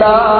된다.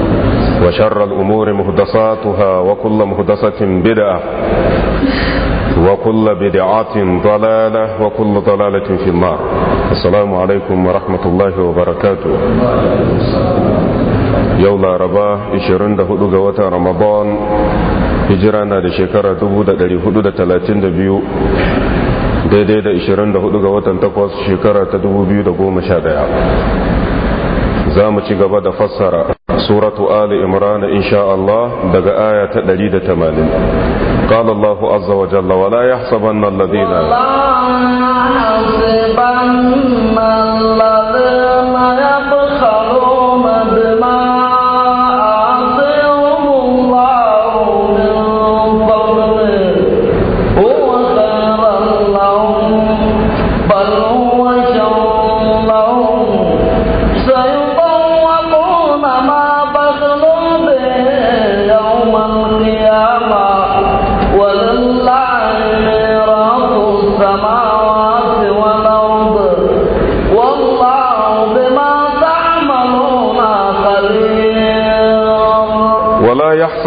وشر الأمور مهدساتها وكل مهدسة بدعة وكل بدعة ضلالة وكل ضلالة في النار السلام عليكم ورحمة الله وبركاته يولا ربا إشيرون ده هدو رمضان هجران ده شكرة دبو ده ده هدو ده تلاتين ده بيو ده ده ده إشيرون ده هدو جواتا تقوص شكرة دبو بيو ده قوم شادع زامة شكرة ده فسر سورة آل إمران إن شاء الله دقى آية دليل تمانين قال الله عز وجل ولا يحسبن الذين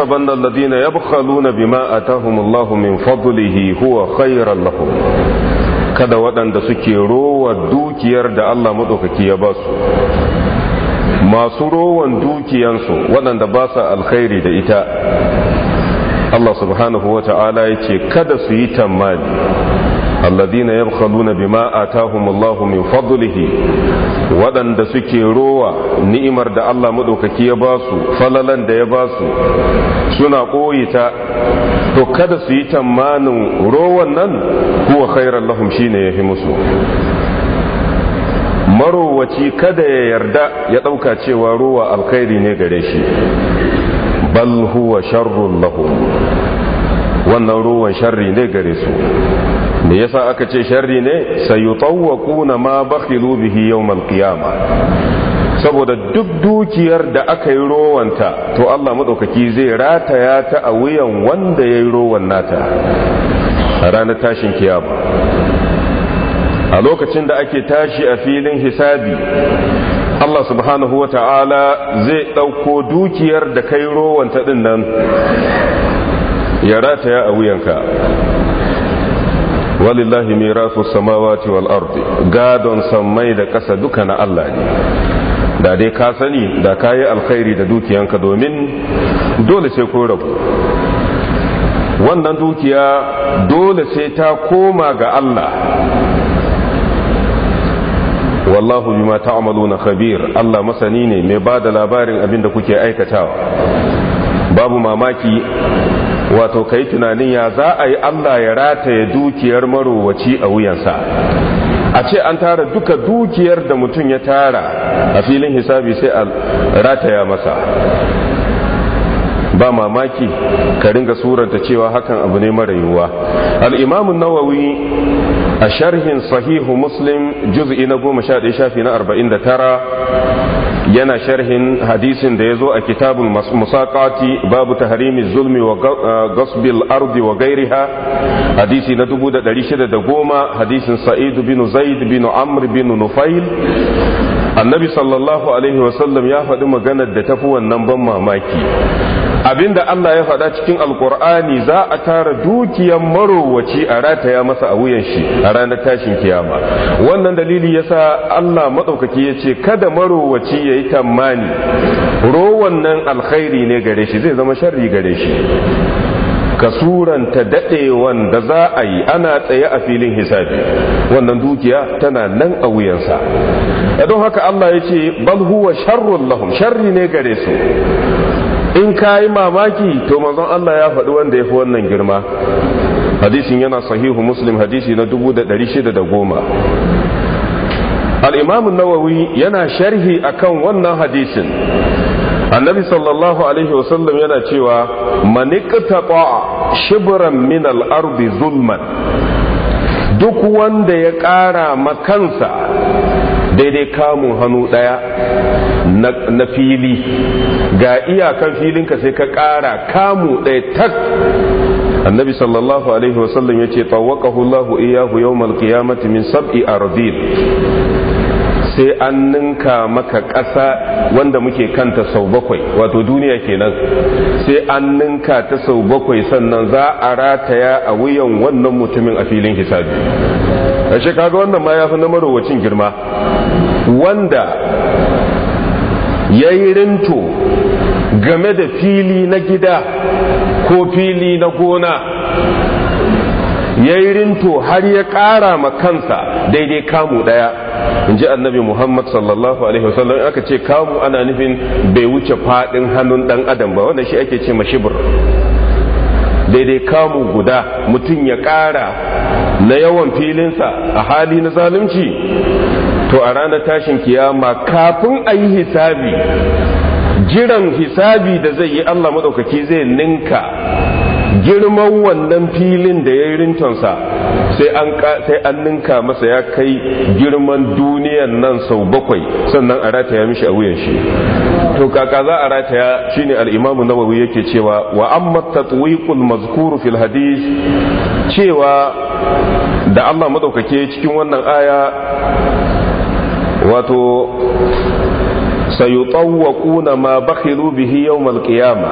يحسبن الذين يبخلون بما آتاهم الله من فضله هو خيرا لهم kada waɗanda suke rowar dukiyar da Allah maɗaukaki ya ba su masu rowan dukiyansu waɗanda ba su alkhairi da ita Allah subhanahu wa ta'ala ya ce kada su yi tamani alladhina yabkhaluna bima atahumullahu min fadlihi waɗanda suke rowa ni'imar da Allah madaukaki ya basu falalan da ya basu suna koyita to kada su yi tamanin rowan nan huwa khairan lahum shine yahi musu marowaci kada ya yarda ya ɗauka cewa ruwa alkhairi ne gare shi bal huwa sharrun lahum wannan ruwan sharri ne gare su me yasa aka ce sharri ne sayutawwaquna ma bakhilu bihi yawmal qiyamah saboda duk dukiyar da aka yi rowanta to Allah madaukaki zai rataya ta a wuyan wanda ya yi rowan nata a ranar tashin kiyama a lokacin da ake tashi a filin hisabi Allah subhanahu wa zai ɗauko dukiyar da kai rowanta din nan ya rataya a wuyanka walillahi mirasu samawati wal ardi gadon sammai da ƙasa duka na Allah ne da dai ka sani da ka alkhairi da dukiyanka domin dole sai ko rabu wannan dukiya dole sai ta koma ga Allah wallahu bima ta'maluna khabir Allah masani ne mai bada labarin abin da kuke aikatawa babu mamaki wato kai tunanin ya za a yi Allah ya rataye dukiyar marowaci a wuyansa a ce an tara duka dukiyar da mutum ya tara a filin hisabi sai a rataya masa ba mamaki ka ringa suranta cewa hakan abu ne mara yiwuwa al'imamun nawawi a sharhin sahihu muslim juz'i na goma sha ɗaya shafi na arba'in da tara yana sharhin hadisin da ya zo a kitabul musaqati babu tahrimi zulmi wa eh, gasbil ardi wa gairiha hadisi na goma hadisin sa'idu bin zaid bin amr bin nufail annabi sallallahu alaihi wasallam ya faɗi maganar da tafi wannan ban mamaki abinda Allah ya faɗa cikin alkur'ani za a tara dukiyan marowaci a rataya masa a wuyan shi a ranar tashin kiyama wannan dalili yasa Allah matsaukaki ya ce kada marowaci ya yi tammani rowan nan alkhairi ne gare shi zai zama sharri gare shi ka suranta daɗewan da za a yi ana tsaye a filin hisabi wannan dukiya tana nan a wuyansa don haka Allah ya ce bal huwa sharrun lahum sharri ne gare su in ka yi mamaki to manzon Allah ya faɗi wanda ya fi wannan girma hadisin yana sahihu muslim hadisi na 1610 al-imam nawawi yana sharhi akan wannan hadisin annabi sallallahu alaihi wasallam yana cewa maniqtata shibran min al-ardi zulman duk wanda ya ƙara makansa daidai kamun hannu ɗaya na fili ga iyakan filinka sai ka ƙara kamu ɗaya tak annabi sallallahu alaihi wasallam ya ce tawakahu Allahu iyahu ya qiyamati min sab'i ardil sai an ninka maka ƙasa wanda muke kanta sau bakwai wato duniya kenan sai an ninka ta sau bakwai sannan za a rataya a wuyan wannan mutumin a filin hisabi a kaga wannan ma ya fi na marowacin girma wanda ya yi rinto game da fili na gida ko fili na gona ya yi rinto har ya kara ma kansa daidai kamu daya in ji annabi muhammad sallallahu alaihi wasallam aka ce kamu ana nufin bai wuce fadin hannun dan adam ba wanda shi ake ce mashibir daidai kamu guda mutum ya kara. na yawan filinsa a hali na zalunci to a ranar tashin kiyama kafin a yi hisabi jiran hisabi da zai yi Allah maɗaukaki zai ninka girman wannan filin da ya yi rintonsa sai an ninka masa ya kai girman duniyan nan sau bakwai sannan a rataya mishi a wuyan shi to kaka za a rataya shine al'imamu na nawawi yake cewa wa amma tatwiqul mazkuru fil hadith cewa da Allah madaukake cikin wannan aya wato sayutawwaquna ma bakhilu bihi yawmal qiyama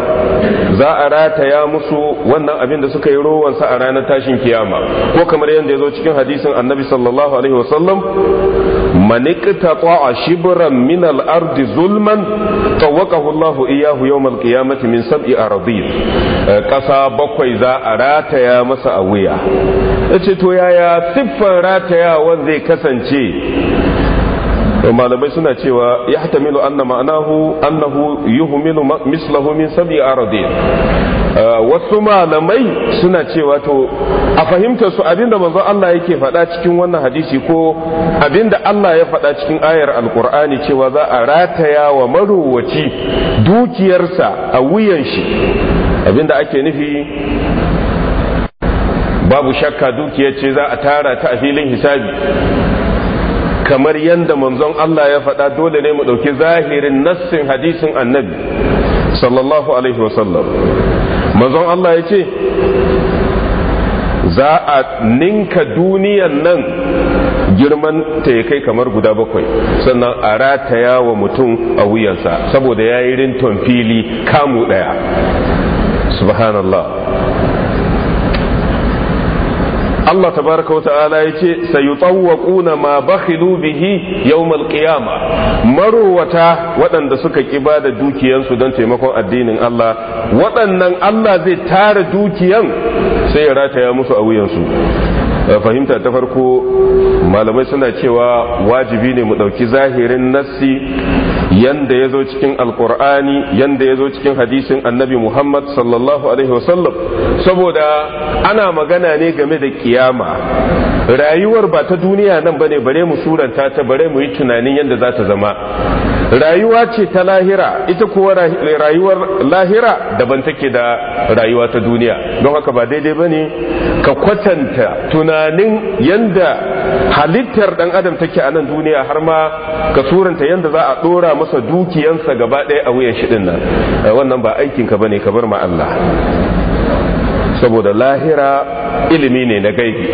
za a rataya musu wannan abin da suka yi rowan sa a ranar tashin kiyama ko kamar yadda yazo cikin hadisin annabi sallallahu alaihi wasallam man iqtata'a shibran min al-ard zulman tawaqahu Allah iyyahu yawmal qiyamati min sab'i aradid kasa eh, bakwai za a rataya masa a wuya yace to yaya siffar ratayawan zai kasance malamai suna cewa ya hatamilu anna ma'anahu annahu yuhmilu mislahu min sabi aradin eh, wasu malamai suna cewa to a fahimtar su abinda manzo Allah yake faɗa cikin wannan hadisi ko abinda Allah ya faɗa cikin ayar alkur'ani cewa za a rataya wa marowaci dukiyarsa a wuyan shi abinda ake nufi babu shakka dukiyar ce za a tara ta a filin hisabi kamar yadda manzon Allah ya faɗa dole ne mu ɗauki zahirin nassin hadisin annabi sallallahu alaihi wasallam manzon Allah ya ce za a ninka duniyan nan girman ta ya kai kamar guda bakwai sannan a rataya wa mutum a wuyansa saboda ya yi rinton fili kamu ɗaya subhanallah Allah ta tabaraka ala ya ce kuna ma bakhilu bihi yawmal qiyama marowata waɗanda suka ba da dukiyansu don taimakon addinin Allah waɗannan Allah zai tara dukiyan sai ya rataya musu a wuyansu Eh, fahimta ta farko malamai suna cewa wajibi ne mu ɗauki zahirin nassi yanda ya zo cikin alkur'ani yanda ya zo cikin hadisin annabi muhammad sallallahu alaihi wasallam saboda ana magana ne game da kiyama rayuwar ba ta duniya nan bane bare mu suranta ta bare mu yi tunanin yadda za ta zama rayuwa ce ta lahira ita kuwa rayuwar lahira daban take da rayuwa ta duniya don haka ba daidai ba ne ka kwatanta tunanin yadda halittar dan adam take a nan duniya har ma ka suranta yadda za a dora masa dukiyansa gaba ɗaya a wuyan shi nan eh, wannan ba aikinka ba ne ka bar ma Allah saboda lahira ilimi ne na gaibi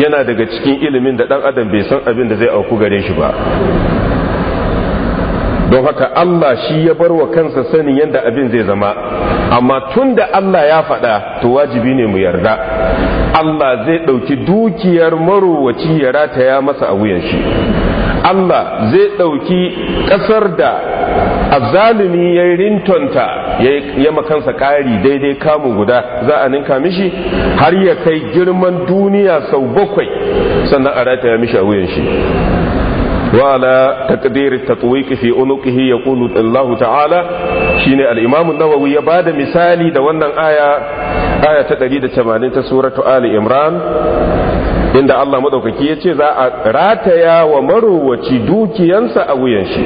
yana daga cikin ilimin da dan adam bai san abin da zai auku gare shi ba don haka Allah shi ya bar wa kansa sanin yadda abin zai zama amma tun da Allah ya faɗa to wajibi ne mu yarda Allah zai ɗauki dukiyar marowaci ya rataya masa a wuyan shi Allah zai ɗauki ƙasar da azalimi ya yi rintonta ya makansa ƙari daidai kamu guda za a ninka mishi har ya kai girman duniya sau bakwai sannan a rataya mishi a wuyan shi وعلى تقدير التطويق في أنقه يقول الله تعالى شين الإمام النووي يباد مثالي دوانا آية آية تدريد تمانين سورة آل إمران inda Allah madaukaki ya ce za a rataya wa marowaci dukiyansa a wuyan shi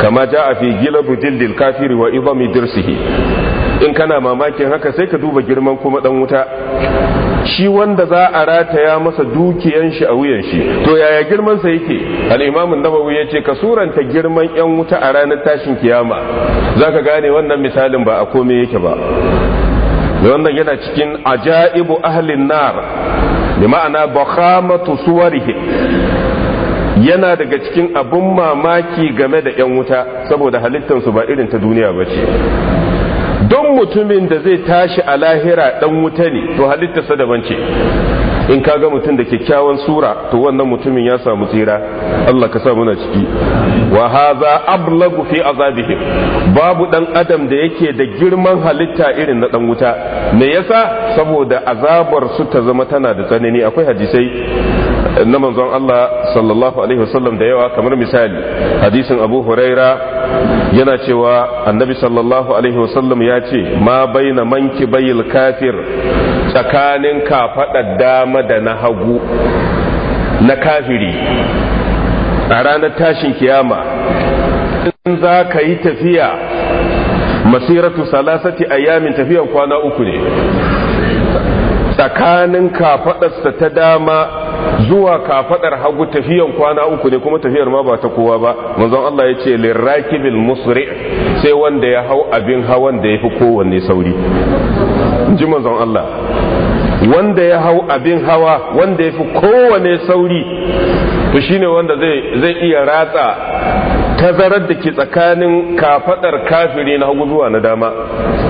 kama ja a fi gilabu jildil kafiri wa ibami dirsihi in kana mamakin haka sai ka duba girman kuma dan wuta shi wanda za a rataya masa dukiyan shi a wuyan shi to yaya girman sa yake al-imam an yace ka suranta girman yan wuta a ranar tashin kiyama zaka gane wannan misalin ba a komai yake ba wannan yana cikin ajaibu ahlin nar bi ma'ana bakhamatu suwarihi yana daga cikin abun mamaki game da yan wuta saboda halittarsu ba irin ta duniya bace don mutumin da zai tashi a lahira dan wuta ne to halittarsa daban ce in ka ga mutum da kyakkyawan sura to wannan mutumin ya samu tsira Allah ka sa muna ciki wa haza ablagu fi azabihi babu dan adam da yake da girman halitta irin na dan wuta me yasa saboda azabar su ta zama tana da tsanani akwai hadisai na manzon Allah sallallahu alaihi wasallam da yawa kamar misali hadisin Abu Huraira yana cewa annabi sallallahu alaihi wasallam ya ce ma baina manki bayil kafir tsakanin kafaɗar dama da na hagu na kafiri a ranar tashin kiyama in za ka yi tafiya masiratu salasati ayyamin tafiyan kwana uku ne tsakanin kafaɗarsa ta dama zuwa kafadar hagu tafiyan kwana uku ne kuma tafiyar ma ba ta kowa ba manzon Allah ya ce lirakibil musri sai wanda ya hau abin hawan da ya fi kowanne sauri ji manzon Allah wanda ya hau abin hawa wanda ya fi kowane sauri to shine wanda zai iya ratsa tazarar da ke tsakanin kafadar kafiri na hagu zuwa na dama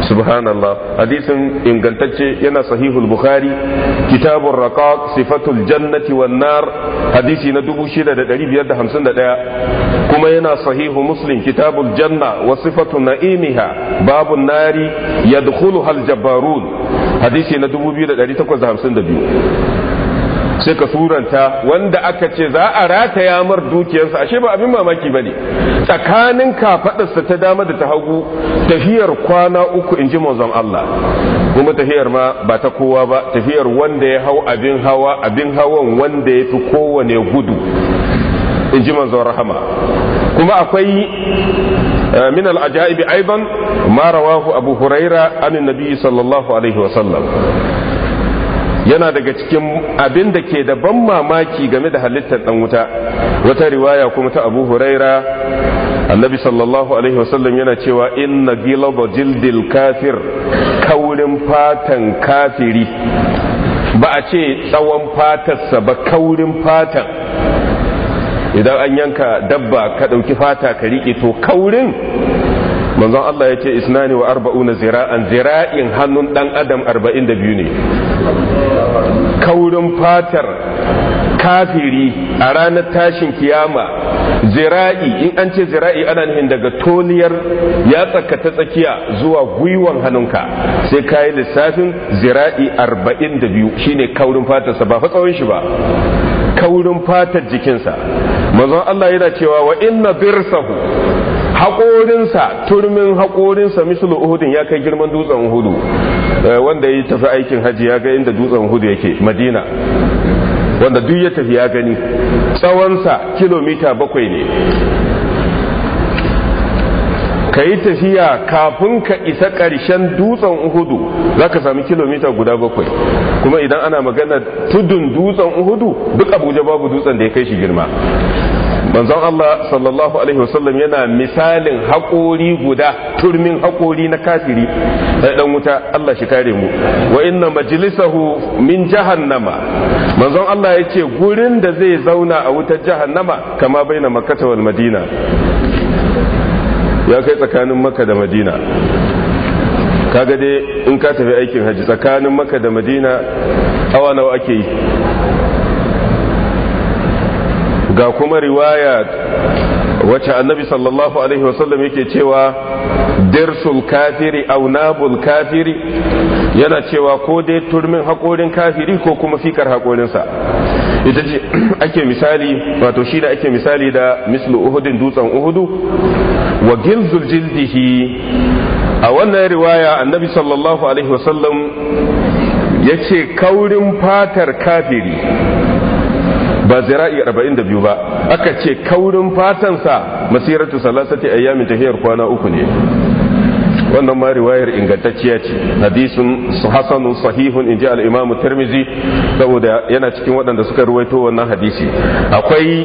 subhanallah hadisin ingantacce yana sahihul bukhari kitabun raqaq sifatul jannati wan nar hadisi na 6551 kuma yana sahihu muslim kitabul janna wa sifatu na'imiha babun nari yadkhuluha al jabbarun hadisi na 2852 sai ka suranta wanda aka ce za a rataya mar dukiyarsa ashe ba abin mamaki ba ne tsakanin kafaɗarsa ta dama da ta hagu tafiyar kwana uku in ji mazan Allah kuma tafiyar ma ba ta kowa ba tafiyar wanda ya hau abin hawa abin hawan wanda ya fi kowane gudu in ji mazan rahama kuma akwai من الأجائب أيضا ما رواه أبو هريرة عن النبي صلى الله عليه وسلم yana daga cikin abin da ke da ban mamaki game da halittar dan wuta wata riwaya kuma ta abu huraira annabi sallallahu alaihi wasallam yana cewa inna gilaba jildil kafir kaurin fatan kafiri ba a ce tsawon fatarsa ba kaurin fatan idan an yanka dabba ka ɗauki fata ka riƙe to kaurin manzon Allah ya ce isnani wa arba'una zira'an zira'in hannun dan adam arba'in ne kaurin fatar kafiri a ranar tashin kiyama zira'i in an ce zira'i ana nufin daga toniyar ya tsaka ta tsakiya zuwa gwiwan hannunka sai ka yi lissafin zira'i arba'in shine kaurin fatarsa ba fa tsawon shi ba kaurin fatar jikinsa manzon Allah yana cewa wa inna birsahu haƙorinsa turmin haƙorinsa mislu uhudin ya kai girman dutsen hudu eh, wanda ya tafi aikin hajji ya ga inda dutsen hudu yake madina wanda duk ya tafi ya gani tsawonsa kilomita bakwai ne ka yi tafiya kafin ka isa ƙarshen dutsen uhudu za ka sami kilomita guda bakwai kuma idan ana magana tudun dutsen uhudu duk abuja babu dutsen da ya kai shi girma manzon Allah sallallahu alaihi wasallam yana misalin haƙori guda turmin haƙori na kafiri da dan wuta Allah shi kare mu wa inna majlisahu min jahannama manzon Allah ce gurin da zai zauna a wutar jahannama kama baina makkah wal madina ya kai tsakanin makka da madina kaga dai in ka tafi aikin haji tsakanin makka da madina awa nawa ake yi ga kuma riwaya wacce annabi sallallahu alaihi wasallam yake cewa dirsul kafiri au nabul kafiri yana cewa ko dai turmin haƙorin kafiri ko kuma fikar haƙorinsa ita ce ake misali wato shi da ake misali da mislu uhudin dutsen uhudu wa gilzul jildihi a wannan riwaya annabi sallallahu alaihi wasallam ya ce kaurin fatar kafiri ba zira'i 42 ba aka ce kaurin fatansa masiratu salasati ayyamin tahiyar kwana uku ne wannan ma riwayar ingantacciya ce hadisun hasanun sahihun inji al-imamu tirmizi saboda yana cikin waɗanda suka ruwaito wannan hadisi akwai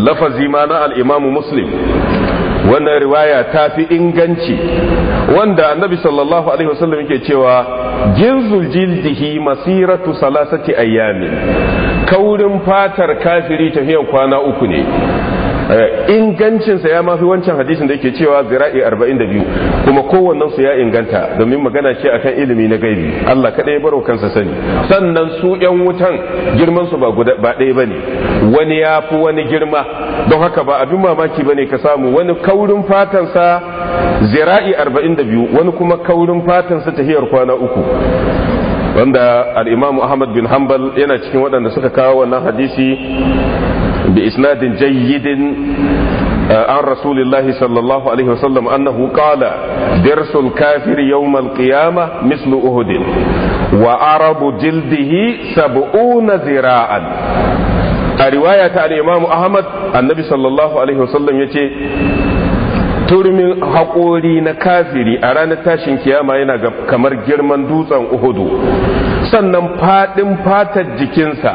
lafazi ma na al-imamu muslim wannan riwaya ta fi inganci wanda annabi sallallahu alaihi wasallam yake cewa jinzul jildihi masiratu salasati ayyamin kaurin fatar kafiri tafiyar kwana uku ne Eh, ingancinsa ya mafi wancan hadisin da yake cewa zira'i 42 kuma kowannensu ya inganta domin magana ce akan ilimi na gaibi Allah kaɗai ya baro kansa sani sannan su yan wutan girmansu ba ɗaya ba ne wani ya fi wani girma don haka ba abin mamaki ba ne ka samu wani kaurin fatansa zira'i 42 wani kuma kaurin fatansa tahiyar kwana uku wanda al'imamu ahmad bin hanbal yana cikin waɗanda suka kawo wannan hadisi بإسناد جيد عن رسول الله صلى الله عليه وسلم أنه قال درس الكافر يوم القيامة مثل أهد وعرب جلده سبعون ذراعا الرواية عن ta أحمد النبي صلى الله عليه وسلم ya turmin haƙori na kafiri a ranar tashin kiyama yana kamar girman dutsen uhudu sannan faɗin fatar jikinsa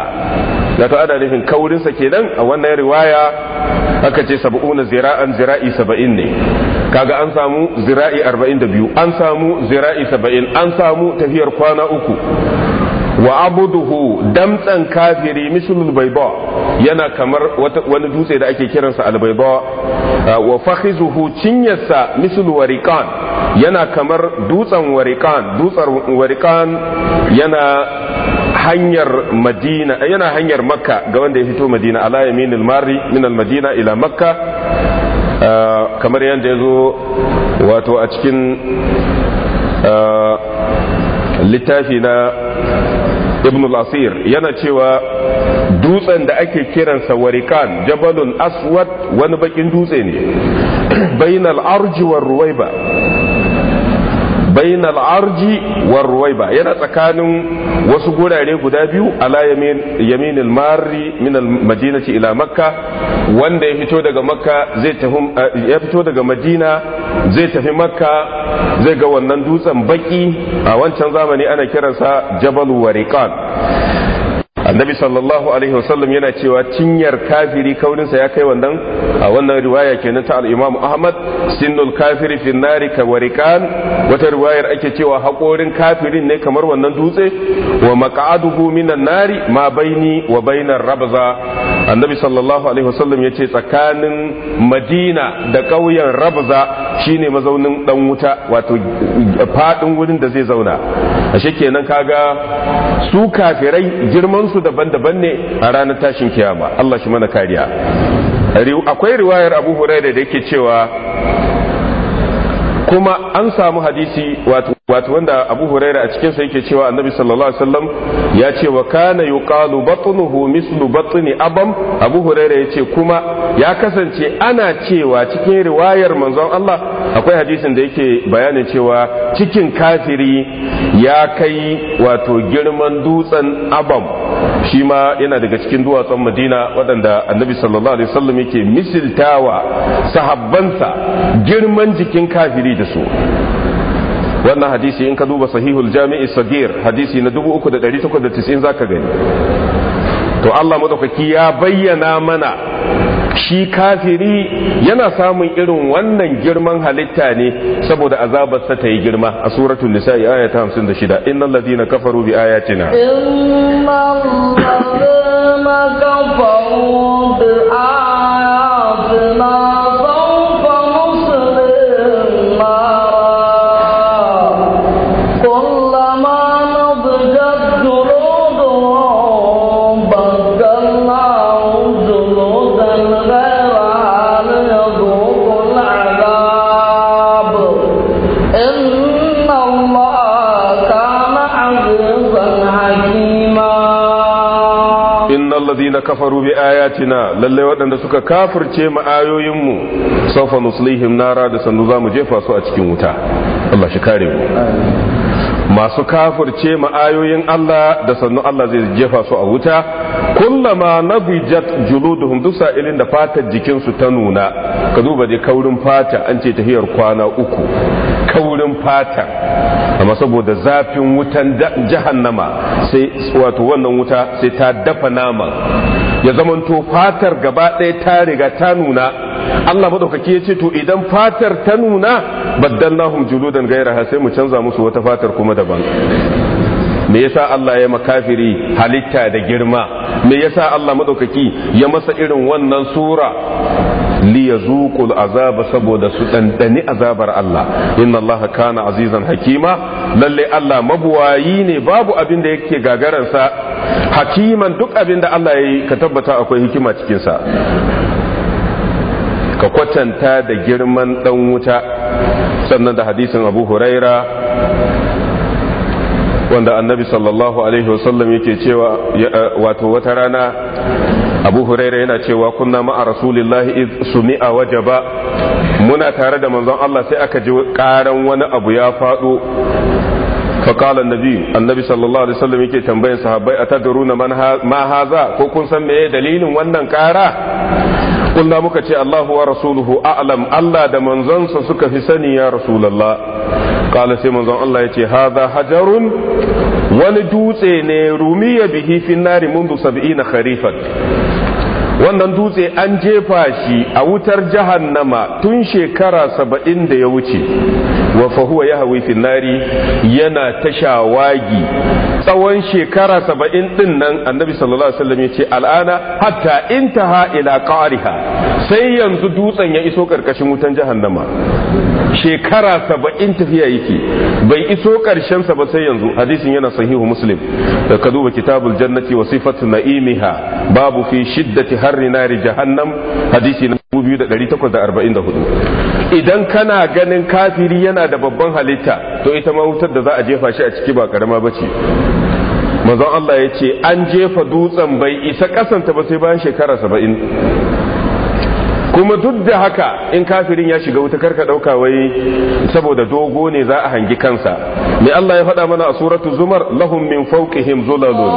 da to ana nufin kaurinsa kenan a wannan riwaya aka ce sab'una zira'an zira'i saba'in ne kaga an samu zira'i arba'in da biyu an samu zira'i saba'in an samu tafiyar kwana uku wa abuduhu damtsan kafiri mislul baiba yana kamar wani dutse da ake kiransa albaiba wa fakhizuhu cinyarsa misl wariqan yana kamar dutsen wariqan dutsar wariqan yana hanyar madina eh, yana hanyar makka ga wanda ya fito madina ala minil mari min madina ila makka eh, kamar yadda ya zo wato a cikin eh, littafi na ibn al-asir yana cewa dutsen da ake kiransa warikan jabalun aswad wani bakin dutse ne bainal arji ruwaiba bainal arji war ruwaiba yana tsakanin wasu gurare guda biyu ala yamin marri min madinati ila makka wanda ya fito daga makka zai tafi eh, ya daga madina zai tafi makka zai ga wannan dutsen baki a wancan zamani ana kiransa jabal wariqan annabi sallallahu alaihi wasallam yana cewa cinyar kafiri kaurinsa ya kai wannan a wannan riwaya kenan ta al-imam ahmad sinnul kafiri fi nari ka warikan wata riwayar ake cewa hakorin kafirin ne kamar wannan dutse wa maq'aduhu minan nari ma baini wa bainar rabza annabi sallallahu alaihi wasallam yace tsakanin madina da ƙauyen rabza shine mazaunin dan wuta wato fadin wurin da zai zauna ashe kenan kaga su kafirai girman su daban-daban ne a ranar tashin kiyama Allah shi mana kariya akwai riwayar abu da yake cewa kuma an samu hadisi wato wanda abu huraira a cikinsa yake cewa annabi sallallahu alaihi wasallam ya ce wa kana yuqalu batnuhu mislu batni abam abu huraira ya ce kuma ya kasance ana cewa cikin riwayar manzon Allah akwai hadisin da yake bayanin cewa cikin kafiri ya kai wato girman dutsen abam shi ma yana daga cikin duwatsun madina waɗanda annabi sallallahu alaihi wasallam yake misiltawa sahabbansa girman jikin kafiri da su wannan hadisi in ka duba sahihul jami'i sagir hadisi na 3890 ka gani to Allah madaukaki ya bayyana mana shi kafiri yana samun irin wannan girman halitta ne saboda azabarsa ta yi girma a suratul nisa'i aya ta 56 innal ladina kafaru bi ayatina innal ladina kafaru bi allazina kafaru bi ayatina lalle waɗanda suka kafirce mu ayoyin mu sawfa nuslihim nara da sannu zamu jefa su a cikin wuta Allah shi kare mu masu kafirce ma'ayoyin Allah da sannu Allah zai jefa su a wuta kullama nabijat juluduhum duk sa'ilin da fatar jikinsu ta nuna ka duba dai kaurin fata an ce tahiyar kwana uku kaurin fata amma saboda zafin wutan jahannama sai wato wannan wuta sai ta dafa naman ya zamanto fatar gaba ɗaya ta riga ta nuna Allah madaukaki ya ce to idan fatar ta nuna baddallahum juludan gairaha sai mu canza musu wata fatar kuma daban me yasa Allah ya makafiri halitta da girma me yasa Allah madaukaki ya masa irin wannan sura li yazuqul azaba saboda su dandani azabar Allah inna Allah kana azizan hakima lalle Allah mabuwayi ne babu abin da yake gagaransa hakiman duk abin da Allah ya yi ka tabbata akwai hikima cikin sa ka kwatanta da girman dan wuta sannan da hadisin abu huraira wanda annabi sallallahu alaihi wasallam yake cewa eh, wato wata rana abu huraira yana cewa kunna ma'a rasulillahi iz sumi'a wajaba muna tare da manzon Allah sai aka ji karan wani abu ya faɗo فقال النبي النبي صلى الله عليه وسلم yake tambayan sahabbai atadruna man ma haza ko kun san meye dalilin wannan kara kunna muka ce Allahu wa rasuluhu a'lam Allah da manzonsa suka fi sani ya rasulullah qala sai manzon Allah yace hadha hajarun wani dutse ne rumiya bihi fi nari mundu 70 kharifat wannan dutse an jefa shi a wutar jahannama tun shekara saba'in da ya wuce wa ya huwa yahwi fil nari yana shawagi. tsawon shekara saba'in din nan annabi sallallahu alaihi wasallam ce al'ana hatta intaha ila qariha sai yanzu dutsen ya iso karkashin wutan jahannama shekara saba'in tafiya yake bai iso karshen sa ba sai yanzu hadisin yana sahihu muslim da ka duba kitabul jannati wa sifatu na'imiha babu fi shiddati harri nari jahannam hadisi 2844 idan kana ganin kafiri yana da babban halitta to ita ma wutar da za a jefa shi a ciki ba karama ba ce manzon Allah ya ce an jefa dutsen bai isa kasanta ba sai bayan shekara saba'in kuma duk da haka in kafirin ya shiga wuta karka dauka wai saboda dogo ne za a hangi kansa mai Allah ya faɗa mana a suratu zumar lahum min fawqihim zulalun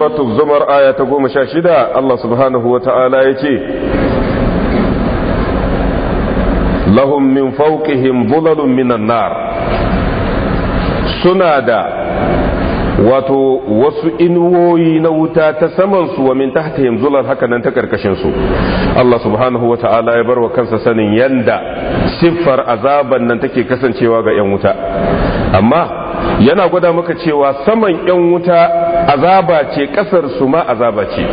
suratu zumar aya ta goma sha shida Allah subhanahu wa ta'ala ya ce lahum min fawqihim dhulalun minan nar suna da wato wasu inuwoyi na wuta ta samansu wa min tahtihim zulal haka nan ta ƙarƙashinsu. Allah subhanahu wa ta'ala ya wa kansa sanin yanda siffar azaban nan take kasancewa ga yan wuta amma yana gwada maka cewa saman yan wuta azaba ce kasar su ma azaba ce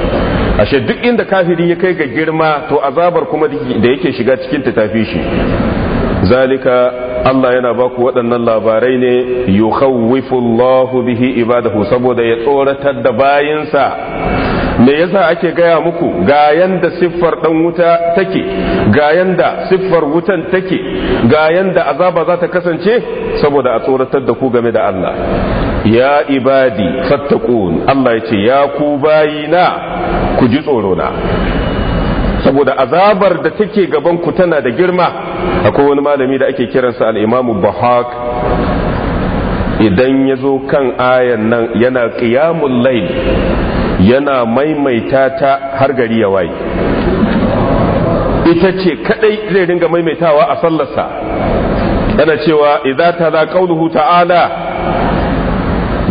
ashe duk inda kafiri ya kai ga girma to azabar kuma da yake shiga cikin ta tafi shi zalika Allah yana baku waɗannan labarai ne yukhawwifullahu bihi ibadahu saboda ya tsoratar da bayinsa me yasa ake gaya muku ga yanda siffar dan wuta take ga yanda siffar wutan take ga yanda azaba za ta kasance saboda a tsoratar da ku game da Allah ya ibadi fattaqun Allah ya ce ya ku bayina ku ji tsoro na saboda azabar da take gaban ku tana da girma akwai wani malami da ake kiransa al Bahak idan yazo kan ayan nan yana qiyamul layl yana maimaita ta har gari ya waye ita ce kadai zai ringa maimaitawa a sallarsa yana cewa idza tala qauluhu ta'ala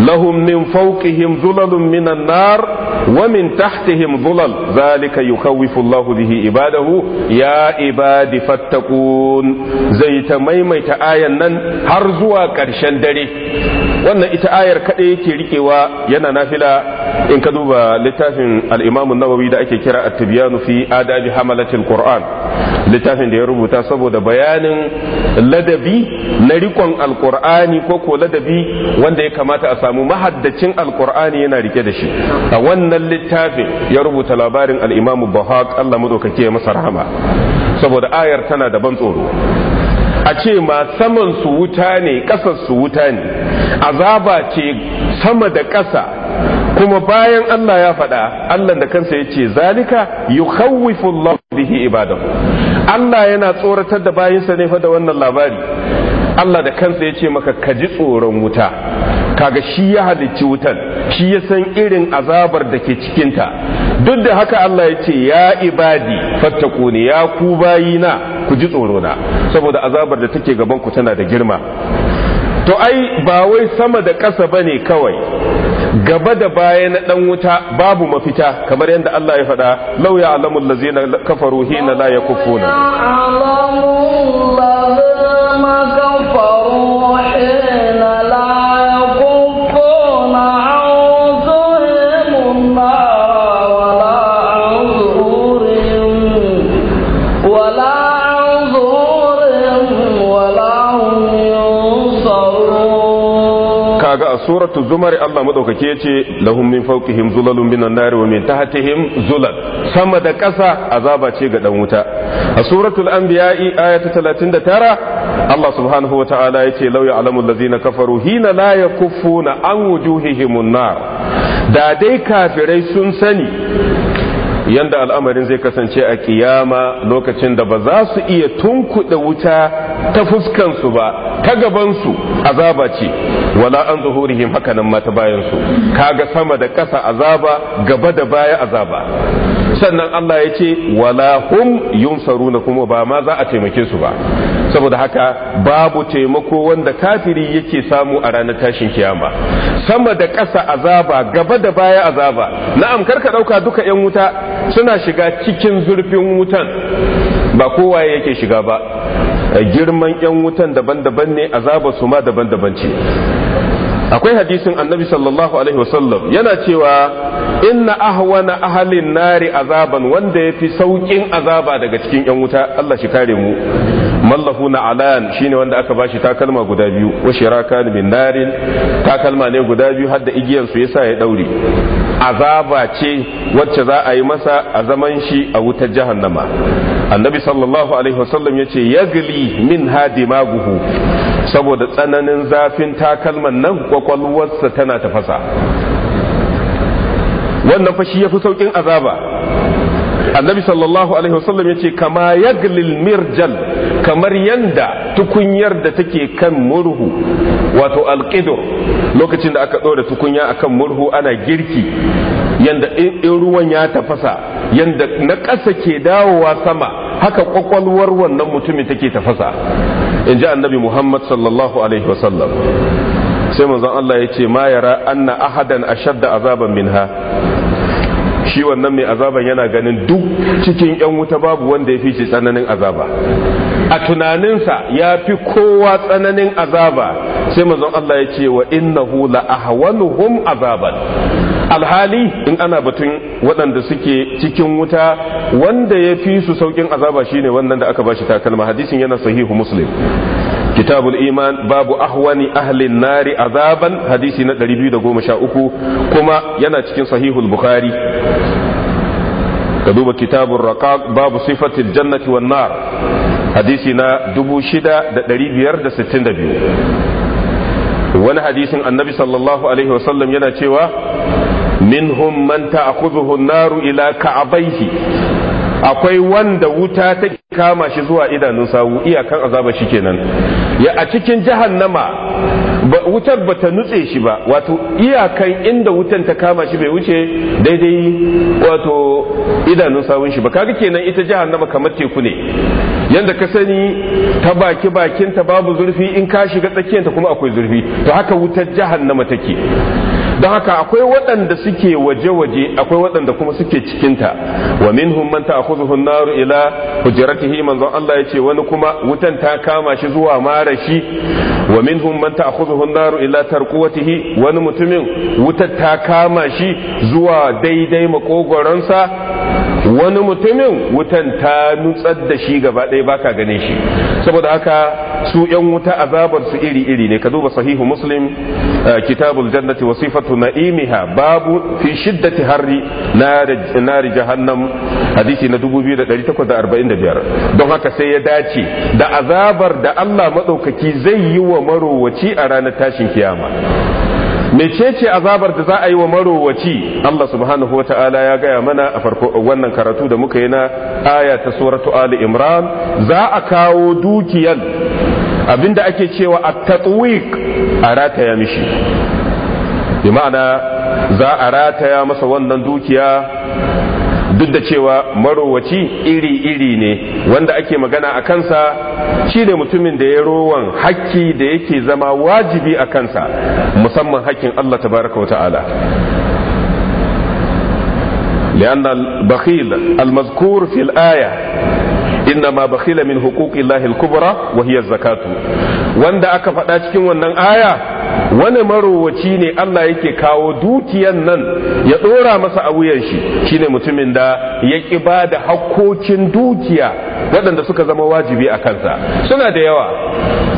lahum min fawqihim zulalun minan nar wa min tahtihim dhulal zalika yukawwifu Allahu bihi ibadahu ya ibadi fattaqun zai maimaita ayan nan har zuwa karshen dare wannan ita ayar kadai yake rikewa yana nafila in ka duba littafin al-Imam da ake kira at fi adabi hamalatil Qur'an littafin da ya rubuta saboda bayanin ladabi na rikon alkur'ani ko ko ladabi wanda ya kamata a samu mahaddacin alkur'ani yana rike da shi a wannan wannan littafin ya rubuta labarin al'imamu bahaq Allah madaukake ya masa rahama saboda ayar tana da ban tsoro a ce ma saman su wuta ne ƙasar su wuta ne azaba ce sama da ƙasa kuma bayan Allah ya faɗa Allah da kansa ya ce zalika yukhawwifu Allah bihi ibadahu Allah yana tsoratar da bayinsa ne fa da wannan labari Allah da kansa ya ce maka ka ji tsoron wuta kaga shi ya halicci wutan shi ya san irin azabar da ke cikinta duk da haka Allah ya ce ya ibadi ne ya ku bayina ku ji tsoro na saboda azabar da take gaban ku tana da girma to ai ba wai sama da ƙasa ne kawai gaba da baya na dan wuta babu mafita kamar yadda Allah ya faɗa lauya alamun lazina kafaru hina la na. suratu zumar Allah madaukake yace lahum min fawqihim zulalun minan nar wa min tahtihim zulal sama da ƙasa azaba ce ga dan wuta a suratul anbiya'i aya da 39 Allah subhanahu wataala yace law ya'lamu allazina kafaru hina la yakuffuna an wujuhihim nar da dai kafirai sun sani yanda al'amarin zai kasance a kiyama lokacin da ba za su iya tunkuɗe wuta ta fuskansu ba ta gabansu azaba ce wala an zuhurihim hakanan ma ta bayansu kaga sama da ƙasa azaba gaba da baya azaba sannan Allah ya ce wala hum yunsaruna kuma ba ma za a taimake su ba saboda haka babu taimako wanda kafiri yake samu a ranar tashin kiyama sama da ƙasa azaba gaba da baya azaba na'am karka ɗauka duka yan wuta suna shiga cikin zurfin wutan ba kowa yake shiga ba girman yan wutan daban-daban ne azaba su ma daban-daban ce akwai hadisin annabi sallallahu alaihi wasallam yana cewa inna ahwana ahalin nari azaban wanda ya fi saukin azaba daga cikin yan wuta Allah shi kare mu mallahu na alan shine wanda aka bashi takalma guda biyu wa shiraka min narin takalma ne guda biyu har da igiyan su yasa ya daure azaba ce wacce za a yi masa a zaman shi a wutar jahannama annabi sallallahu alaihi wasallam yace yagli min hadimaguhu saboda tsananin zafin takalman nan kwakwalwarsa tana tafasa wannan fa shi fi saukin azaba annabi sallallahu alaihi wasallam yace kama yaglil mirjal kamar yanda tukunyar da take kan murhu wato alqido lokacin da aka dora tukunya akan murhu ana girki yanda in ruwan ya tafasa yanda na ƙasa ke dawowa sama haka kwakwalwar wannan mutumin take tafasa in ji annabi muhammad sallallahu alaihi wasallam sai manzon Allah ya ce ma yara anna ahadan ashadda azaban minha shi wannan mai azaban yana ganin duk cikin yan wuta babu wanda ya fi shi tsananin azaba a tunaninsa ya fi kowa tsananin azaba sai mazan Allah ya ce wa innahu la ahwanuhum azaban alhali in ana batun waɗanda suke cikin wuta wanda ya fi su saukin azaba shine wannan da aka bashi takalma hadisin yana sahihu muslim kitabul iman babu ahwani ahlin nari azaban hadisi na 213 kuma yana cikin sahihul bukhari ka duba kitabun raqaq babu sifatil jannati wan hadisi na 6562 wani hadisin annabi sallallahu alaihi wasallam yana cewa minhum man ta'khudhuhu an-naru ila ka'abayhi akwai wanda wuta ta kama shi zuwa idanun sawu iyakan azaba shi kenan ya a cikin jahannama wutar ba ta nutse shi ba wato iyakan inda wutan ta kama shi bai wuce daidai wato idanun sawun shi ba kaga kenan ita jahannama kamar teku ne yanda ka sani ta baki bakinta babu zurfi in ka shiga tsakiyarta kuma akwai zurfi to haka wutar jahannama take don haka akwai waɗanda suke waje-waje akwai waɗanda kuma suke cikinta wa minhum man ta'khudhuhu an ila hujratihi manzon Allah yace wani kuma wutan ta kama shi zuwa mara shi. wa minhum man ta'khudhuhu an ila tarquwatihi wani mutumin wutar ta kama shi zuwa daidai makogoronsa wani mutumin wutan ta nutsar da shi gaba ɗaya baka ganin shi saboda haka su yan wuta azabar su iri iri ne ka duba sahihu muslim kitabul jannati wa sifatu na'imiha babu fi shiddati harri nari jahannam hadisi na 2845 don haka sai ya dace da azabar da Allah madaukaki zai yi wa marowaci a ranar tashin kiyama mecece azabar da za a yi wa marowaci Allah subhanahu wata'ala ya gaya mana a farko wannan karatu da muka yi na aya ta suratu ali imran za a kawo dukiyan abinda ake cewa a tatwik a rataya mishi bi ma'ana za a rataya masa wannan dukiya duk da cewa marowaci iri-iri ne wanda ake magana a kansa shi ne mutumin da ya rowan haƙƙi da yake zama wajibi a kansa musamman haƙƙin Allah tabaraka wa ta'ala لأن البخيل المذكور في الآية inna ma bakhila min huquqillahi al-kubra wa hiya zakatu wanda aka faɗa cikin wannan aya wani marowaci ne Allah yake kawo dukiyan nan ya ɗora masa a wuyan shi shine mutumin da ya ƙi ba da hakkokin dukiya waɗanda suka zama wajibi a kansa suna da yawa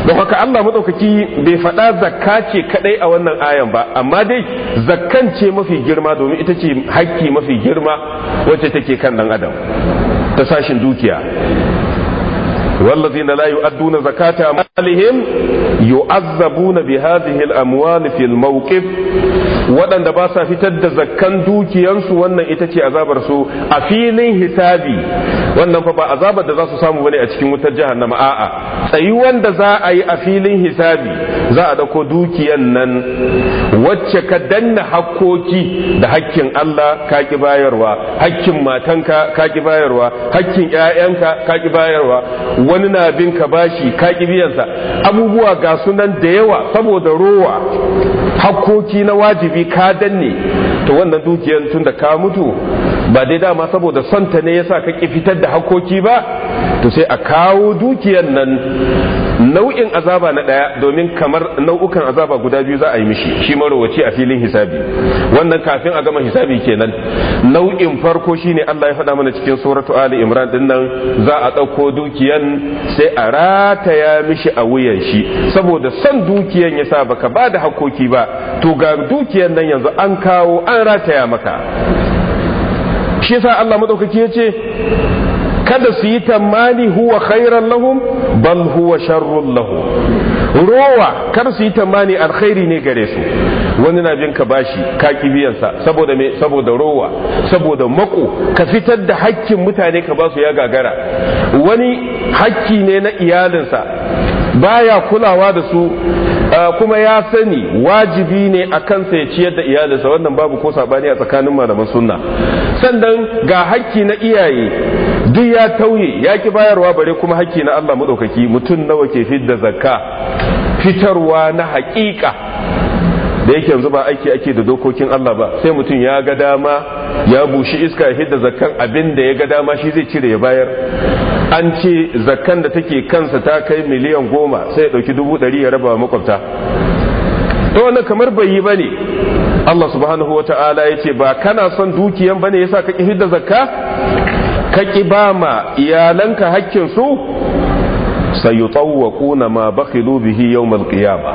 da haka Allah maɗaukaki bai faɗa zakka ce kaɗai a wannan ayan ba amma dai zakkan ce mafi girma domin ita ce hakki mafi girma wacce take kan ɗan adam ta sashin dukiya والذين لا يؤدون زكاة أموالهم يعذبون بهذه الأموال في الموقف ودن دباسا في تد زكان دوكي ينسو وانا إتتي عذاب رسو أفيلين حسابي وانا فبا عذاب دزاسو سامو بني أتكي متجه نما آآ سيوان دزا أي أفيلين حسابي زا أدكو دوكي ينن وچك دن حقوكي da hakkin Allah ka ki bayarwa hakkin matanka ka ki bayarwa hakkin ƴaƴanka ka ki bayarwa wani na bin ka bashi ka biyansa abubuwa ga sunan da yawa saboda rowa hakkoki na wajibi ka danne to wannan dukiyar tun da ka mutu ba dai dama saboda santa ne yasa ka ki fitar da hakoki ba to sai a kawo dukiyar nan nau'in azaba na daya domin kamar nau'ukan azaba guda biyu za a yi mishi shi marowaci a filin hisabi wannan kafin a gama hisabi kenan nau'in farko shine Allah ya faɗa mana cikin suratu Ali Imran din nan za a ɗauko dukiyan sai a rataya mishi a wuyan shi saboda son dukiyan yasa baka ba da hakoki ba to ga dukiyan nan yanzu an kawo an rataya maka shi yasa Allah madaukaki yace kada su yi tamani huwa khairan lahum bal huwa sharrun lahum rowa kada su yi tamani alkhairi ne gare su wani na bin bashi ka sa, saboda me saboda rowa saboda mako ka fitar da hakkin mutane ka ba su ya gagara wani hakki ne na iyalinsa baya kulawa da su Ah, kuma ya sani wajibi ne a kansa ya ciyar da iyalinsa wannan babu ko sabani a tsakanin malaman sunna sannan ga hakki na iyaye duk ya tauye ya ki bayarwa bare kuma hakki na Allah madaukaki mutum nawa ke fidda zakka fitarwa na haƙiƙa da yake yanzu ba aiki ake da dokokin Allah ba sai mutum ya ga dama ya bushi iska ya hidda zakan abin da ya ga dama shi zai cire ya bayar an ce zakan da take kansa ta kai miliyan goma sai ya ɗauki dubu ɗari ya raba wa makwabta to wannan kamar bai yi ba ne Allah subhanahu wa ta'ala ya ce ba kana son dukiyan ba ne yasa ka ƙi hidda zakka ka ƙi ba ma iyalanka hakkin su ƙuna ma bakhilu bihi yawm al-qiyamah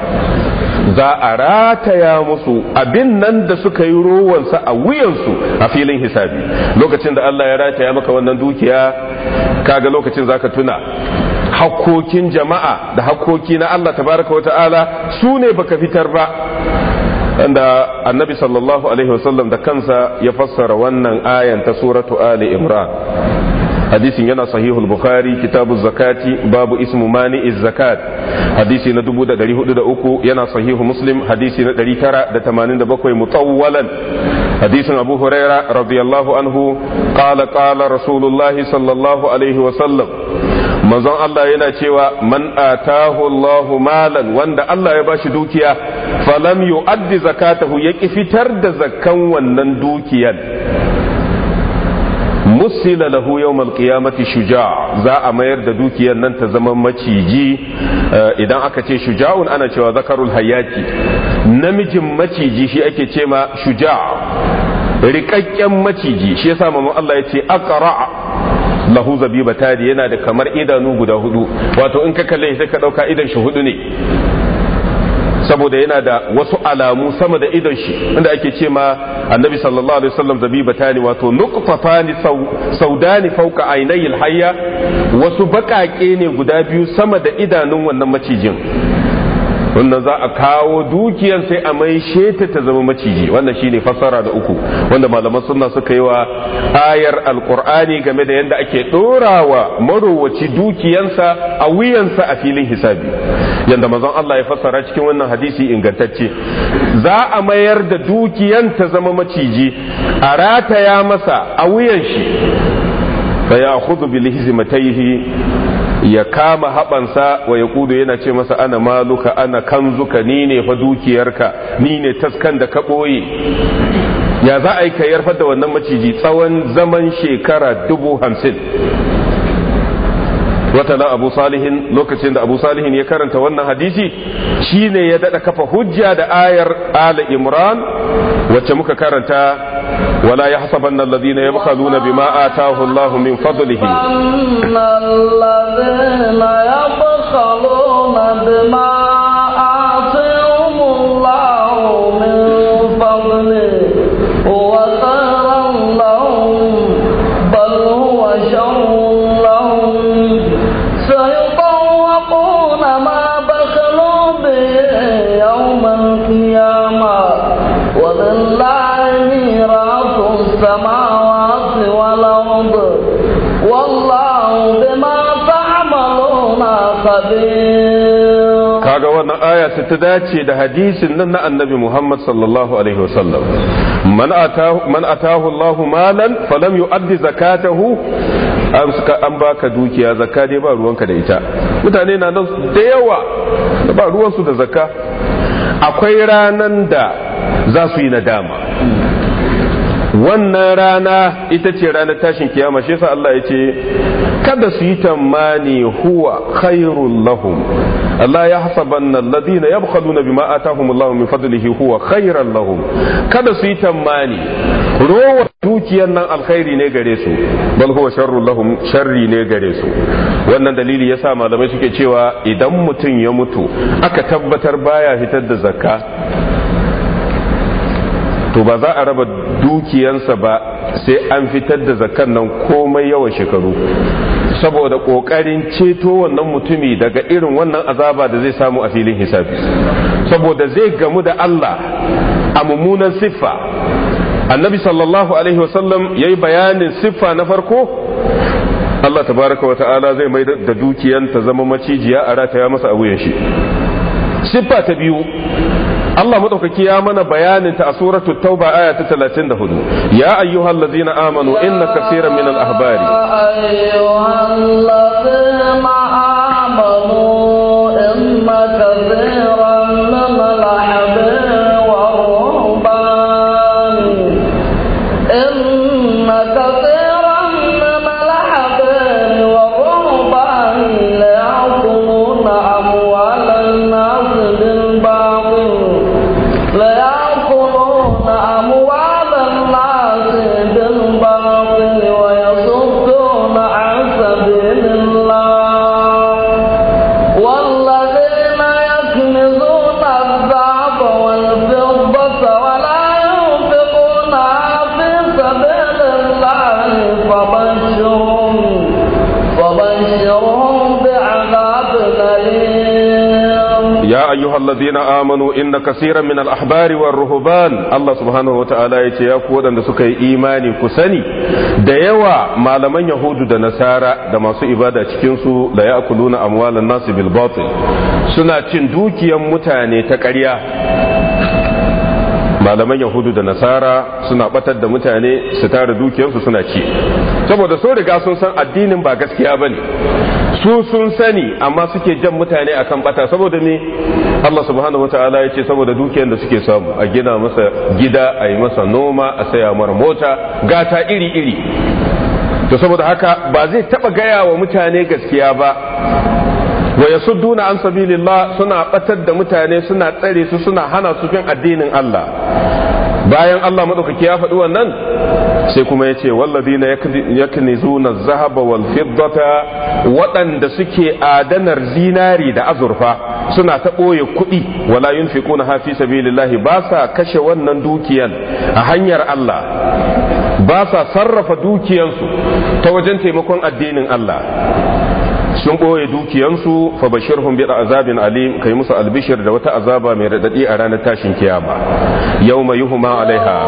za a rataya musu abin nan da suka yi rowansa a wuyansu a filin hisabi lokacin da Allah ya rataya maka wannan dukiya kaga lokacin zaka tuna Hakokin jama'a da hakoki na Allah tabaraka wata'ala su ne baka fitar ba da annabi sallallahu alaihi wasallam da kansa ya fassara wannan ayan ta suratu ali imran hadisin yana sahihul bukhari kitabu zakati babu ismu mani zakat hadisi na 1403 yana sahihu muslim hadisi na 987 mutawwalan hadisin abu huraira radiyallahu anhu qala qala rasulullahi sallallahu alaihi wa sallam manzon Allah yana cewa man atahu Allahu malan wanda Allah ya bashi dukiya falam yu'addi zakatahu ya ki fitar da zakkan wannan dukiyan musila lahu yawmal qiyamati shuja za a mayar da dukiyar nan ta zama maciji eh, idan aka ce shuja'un ana cewa zakarul hayaki namijin maciji shi ake ce ma shuja rikakken maciji shi yasa mamu Allah ya ce aqra lahu zabiba tari yana da kamar idanu guda hudu wato in ka kalle shi ka dauka idan shi hudu ne saboda yana da wasu alamu sama da idon shi inda ake ce ma annabi sallallahu alaihi wasallam zabibatani wato nuqfatani saudani fauka ainayil hayya wasu bakake ne guda biyu sama da idanun wannan macijin wanda za a kawo dukiyar sai a mai sheta ta zama maciji wannan shine fassara da uku wanda malaman suna suka yi wa ayar alqur'ani game da yadda ake dorawa marowaci dukiyansa a wuyansa a filin hisabi yanda manzon Allah ya fassara cikin wannan hadisi ingantacce za a mayar da dukiyan ta zama maciji a rataya masa a wuyan shi fa ya khudhu ya kama haɓansa wa ya kudu yana ce masa ana maluka ana kanzuka ni ne fa dukiyarka ni ne taskan da ka ɓoye ya za a yi ka yarfar da wannan maciji tsawon zaman shekara dubu hamsin watana abu salihin lokacin da abu salihin ya karanta wannan hadisi shine ya daɗa kafa hujja da ayar ala imran wacce muka karanta ولا يحسبن الذين يبخلون بما آتاه الله من فضله أن الذين يبخلون بما ta dace da hadisin nan na annabi Muhammad sallallahu alaihi wasallam man atahu Allah malan falam yu'addi zakatahu an baka dukiya zakka dai ba ruwanka da ita mutane na nan da yawa ba ruwansu da zakka akwai ranan da za su yi nadama wannan rana ita ce ranar tashin kiyama shi yasa Allah ya ce kada su yi tamani huwa khairul lahum Allah ya hasabanna alladhina na bima atahumullahu min fadlihi huwa khairul lahum kada su yi tamani rowar dukiyar nan alkhairi ne gare su bal huwa sharrul lahum sharri ne gare su wannan dalili yasa malamai suke cewa idan mutum ya mutu aka tabbatar baya fitar da zakka to ba za a raba dukiyansa ba sai an fitar da zakan nan komai yawan shekaru saboda kokarin ceto wannan mutumi daga irin wannan azaba da zai samu a filin hisabi saboda zai gamu da Allah a mummunan siffa annabi sallallahu alaihi wasallam ya yi bayanin siffa na farko Allah tabaraka wa ta'ala zai mai da dukiyanta zama zama macijiya a rataya masa a wuyan shi siffa ta biyu Allah madaukaki ya mana bayanin ta a suratul tauba aya ta 34 ya ayyuhal ladzina amanu inna kaseeran minal ahbari ya ayyuhal ladzina inna kaseeran min al-ahbari war ruhban Allah subhanahu wa yace ya ku wadanda suka yi imani ku sani da yawa malaman yahudu da nasara da masu ibada cikin su la ya'kuluna amwalan nas bil batil suna cin dukiyan mutane ta ƙarya malaman yahudu da nasara suna batar da mutane su tara dukiyansu suna ci saboda sun riga sun san addinin ba gaskiya bane su sun sani amma suke jan mutane akan bata saboda ni Allah subhanahu wataala ya ce saboda dukiyar da suke samu a gina masa gida a yi masa noma a saya mara mota gata iri iri to saboda haka ba zai taba gaya wa mutane gaskiya ba wa yasudduna an sabilillah suna batar da mutane suna tsare su suna hana su bin addinin Allah bayan Allah madaukaki ya faɗi wannan sai kuma ya ce walladina yaknizuna zahaba wal fiddata waɗanda suke adanar zinari da azurfa suna ta ɓoye kuɗi wala yunfiquna na Hafi sabilillahi ba sa kashe wannan dukiyan a hanyar Allah ba sa sarrafa dukiyansu ta wajen taimakon addinin Allah sun ɓoye dukiyansu fa bashirhum bi azabin alim kai musu albishir da wata azaba mai radadi a ranar tashin kiyama yawma yuhma alaiha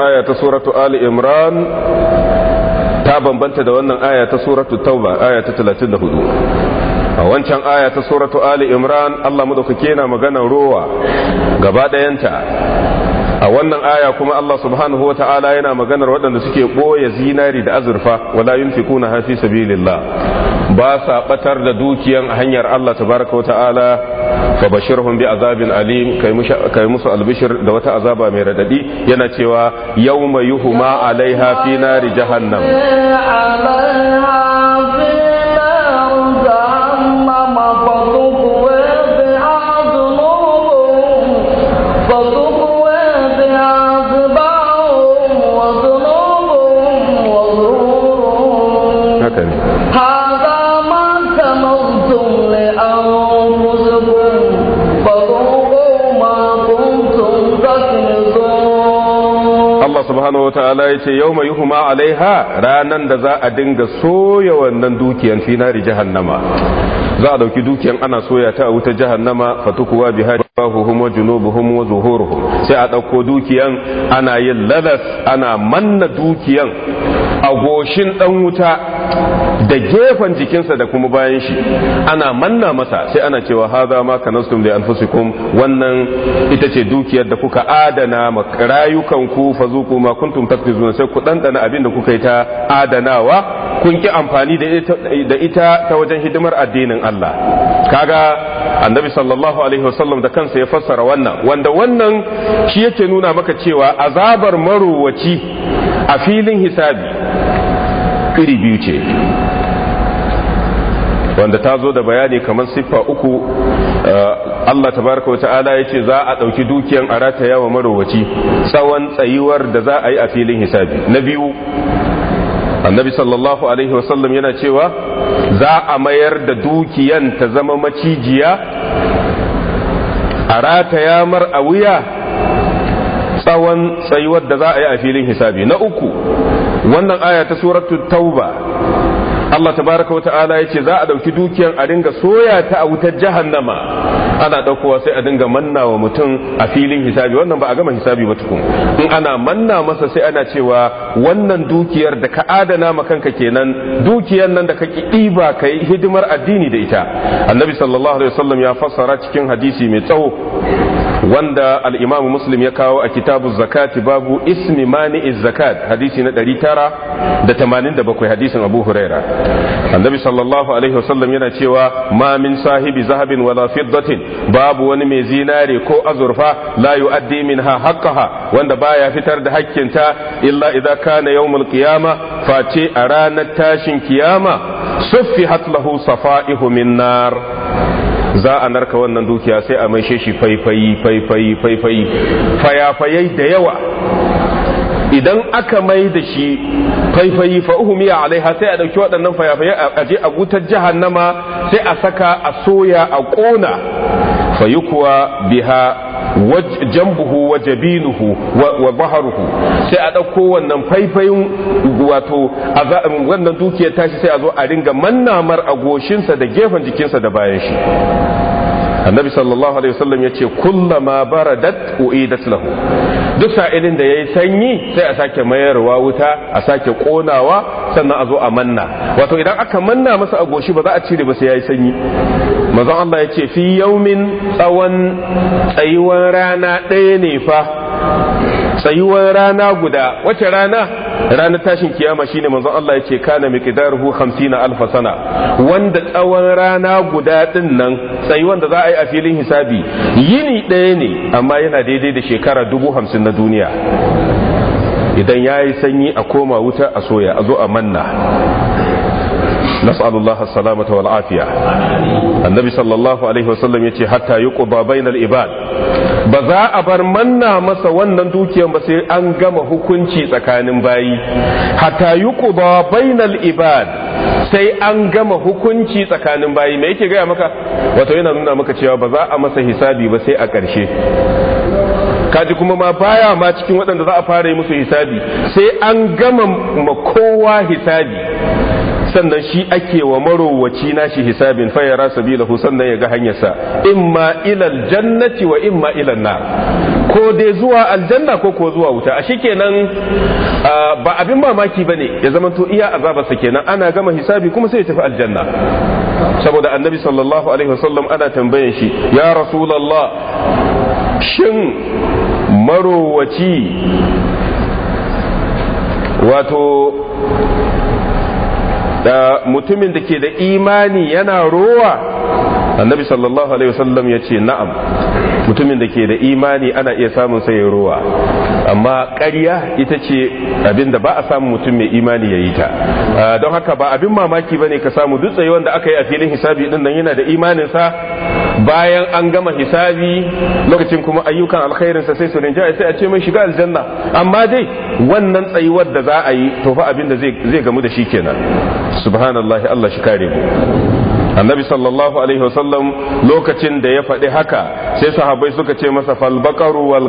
aya ta suratu ali imran ta bambanta da wannan aya ta suratu tauba aya ta 34 a wancan aya ta suratu ali imran Allah madaukake yana magana rowa gaba ɗayanta a wannan aya kuma Allah subhanahu wa ta'ala yana maganar waɗanda suke ɓoye zinari da azurfa wala yunfikuna fi sabilillah ba sa batar da dukiyan hanyar Allah tabaraka wa ta'ala fabashirhum bi azabin alim kai musu albishir da wata azaba mai radadi yana cewa yawma yuhuma alaiha fi nari jahannam subhanahu wa ta'ala ya ce yau mai yuhuma alaiha ranan da za a dinga soya wannan dukiyan finari jahannama za a dauki dukiyan ana soya ta a wuta jahannama fatukuwa bi hadihuhum wa junubuhum wa zuhuruhum sai a dauko dukiyan ana yin lalas ana manna dukiyan a goshin dan wuta da gefen jikinsa da kuma bayan shi ana manna masa sai ana cewa haza ma kanastum da anfusikum wannan ita ce dukiyar da kuka adana ma rayukanku fazuku ma kuntum takfizuna sai ku dandana abin da kuka yi ta adanawa kun ki amfani da ita ta wajen hidimar addinin Allah kaga annabi sallallahu alaihi wasallam da kansa ya fassara wannan wanda wannan shi yake nuna maka cewa azabar marowaci a filin hisabi iri biyu ce wanda ta zo da bayani kamar siffa uku eh, Allah tabaraka wata'ala ya ce za a ɗauki dukiyan a rataya wa marowaci tsawon tsayuwar da za a yi a filin hisabi na biyu annabi sallallahu alaihi wasallam yana cewa za a mayar da dukiyan ta zama macijiya a rataya mar a wuya tsawon tsayuwar da za a yi a filin hisabi na uku wannan aya ta suratu tauba Allah tabaraka wa ta'ala yace za a dauki dukiyar a dinga soya ta a wutar jahannama ana daukowa sai a dinga manna wa mutum a filin hisabi wannan ba a gama hisabi ba tukun in ana manna masa sai ana cewa wannan dukiyar da ka adana ma kanka kenan dukiyar nan da ka ɗiba ka yi hidimar addini da ita annabi sallallahu alaihi wasallam ya fassara cikin hadisi mai tsawo wanda al'imamu muslim ya kawo a kitabu zakati babu ismi mani'iz zakat hadisi na 987 hadisin abu huraira annabi sallallahu alaihi wasallam yana cewa ma min sahibi zahabin wala fiddatin babu wani mai zinare ko azurfa la yu'addi minha haqqaha wanda baya fitar da hakkinta illa idza kana yawmul qiyama face a ranar tashin kiyama suffihat lahu safa'ihu min nar za a narka wannan dukiya sai a maishe shi faifayi faifayi faifayi fayafayai da yawa idan aka mai da shi faifayi fa'uhumiya alaiha sai a ɗauki waɗannan fayafayai a je a gutar jihannama sai a saka a soya a ƙona fayukuwa biha jambuhu wa jabinuhu wa baharuhu sai a ɗauko wannan faifayin wato wannan dukiyar tashi sai a zo a ringa mannamar goshinsa da gefen jikinsa da bayan shi annabi sallallahu alaihi wasallam yace kullama baradat uidat lahu duk sa'ilin da yayi sanyi sai a sake mayarwa wuta a sake konawa sannan a zo a manna wato idan aka manna masa a goshi ba za a cire ba sai yayi sanyi manzon Allah yace fi yaumin tsawon tsayuwar rana ɗaya ne fa tsayuwar rana guda wace rana ranar tashin kiyama shine manzon Allah yace kana miqdaruhu 50 alf sana wanda tsawon rana guda din nan tsayuwan da za a yi a filin hisabi yini ɗaya ne amma yana daidai da shekara 50 na duniya idan yayi sanyi a koma wuta a soya a zo a manna nas'alullaha salamata wal afiya annabi sallallahu alaihi wasallam yace hatta yuqba bainal ibad ba za a bar manna masa wannan dukiyar ba sai an gama hukunci tsakanin bayi hatta yuqba bainal ibad sai an gama hukunci tsakanin bayi me yake gaya maka wato yana nuna maka cewa ba za a masa hisabi ba sai a ƙarshe kaji kuma ma baya ma cikin waɗanda za a fara yi musu hisabi sai an gama ma kowa hisabi sannan shi ake wa marowaci nashi hisabin fa yara sabilahu sannan ya ga hanyarsa imma ilal jannati wa imma ilal nar ko dai zuwa aljanna ko ko zuwa wuta a shikenan ba abin mamaki bane ya zama zamanto iya azabarsa kenan ana gama hisabi kuma sai ya tafi aljanna saboda annabi sallallahu alaihi wasallam ana tambayan shi ya rasulullah shin marowaci wato da mutumin da ke da imani yana rowa annabi sallallahu alaihi wasallam ya ce na'am mutumin da ke da imani ana iya samun sai ruwa amma ƙarya ita ce abin ba a samu mutum mai imani ya yi ta ah, don haka ba abin mamaki ba ne ka samu duk tsaye wanda aka yi a filin hisabi din nan yana da imanin sa bayan an gama hisabi lokacin kuma ayyukan sa sai su rinja sai a ce mai shiga aljanna amma dai wannan tsayuwar da za a yi to fa abin da zai gamu da shi kenan subhanallahi Allah shi kare mu annabi sallallahu alaihi wasallam lokacin da ya faɗi haka sai sahabbai suka ce masa falbakaru wal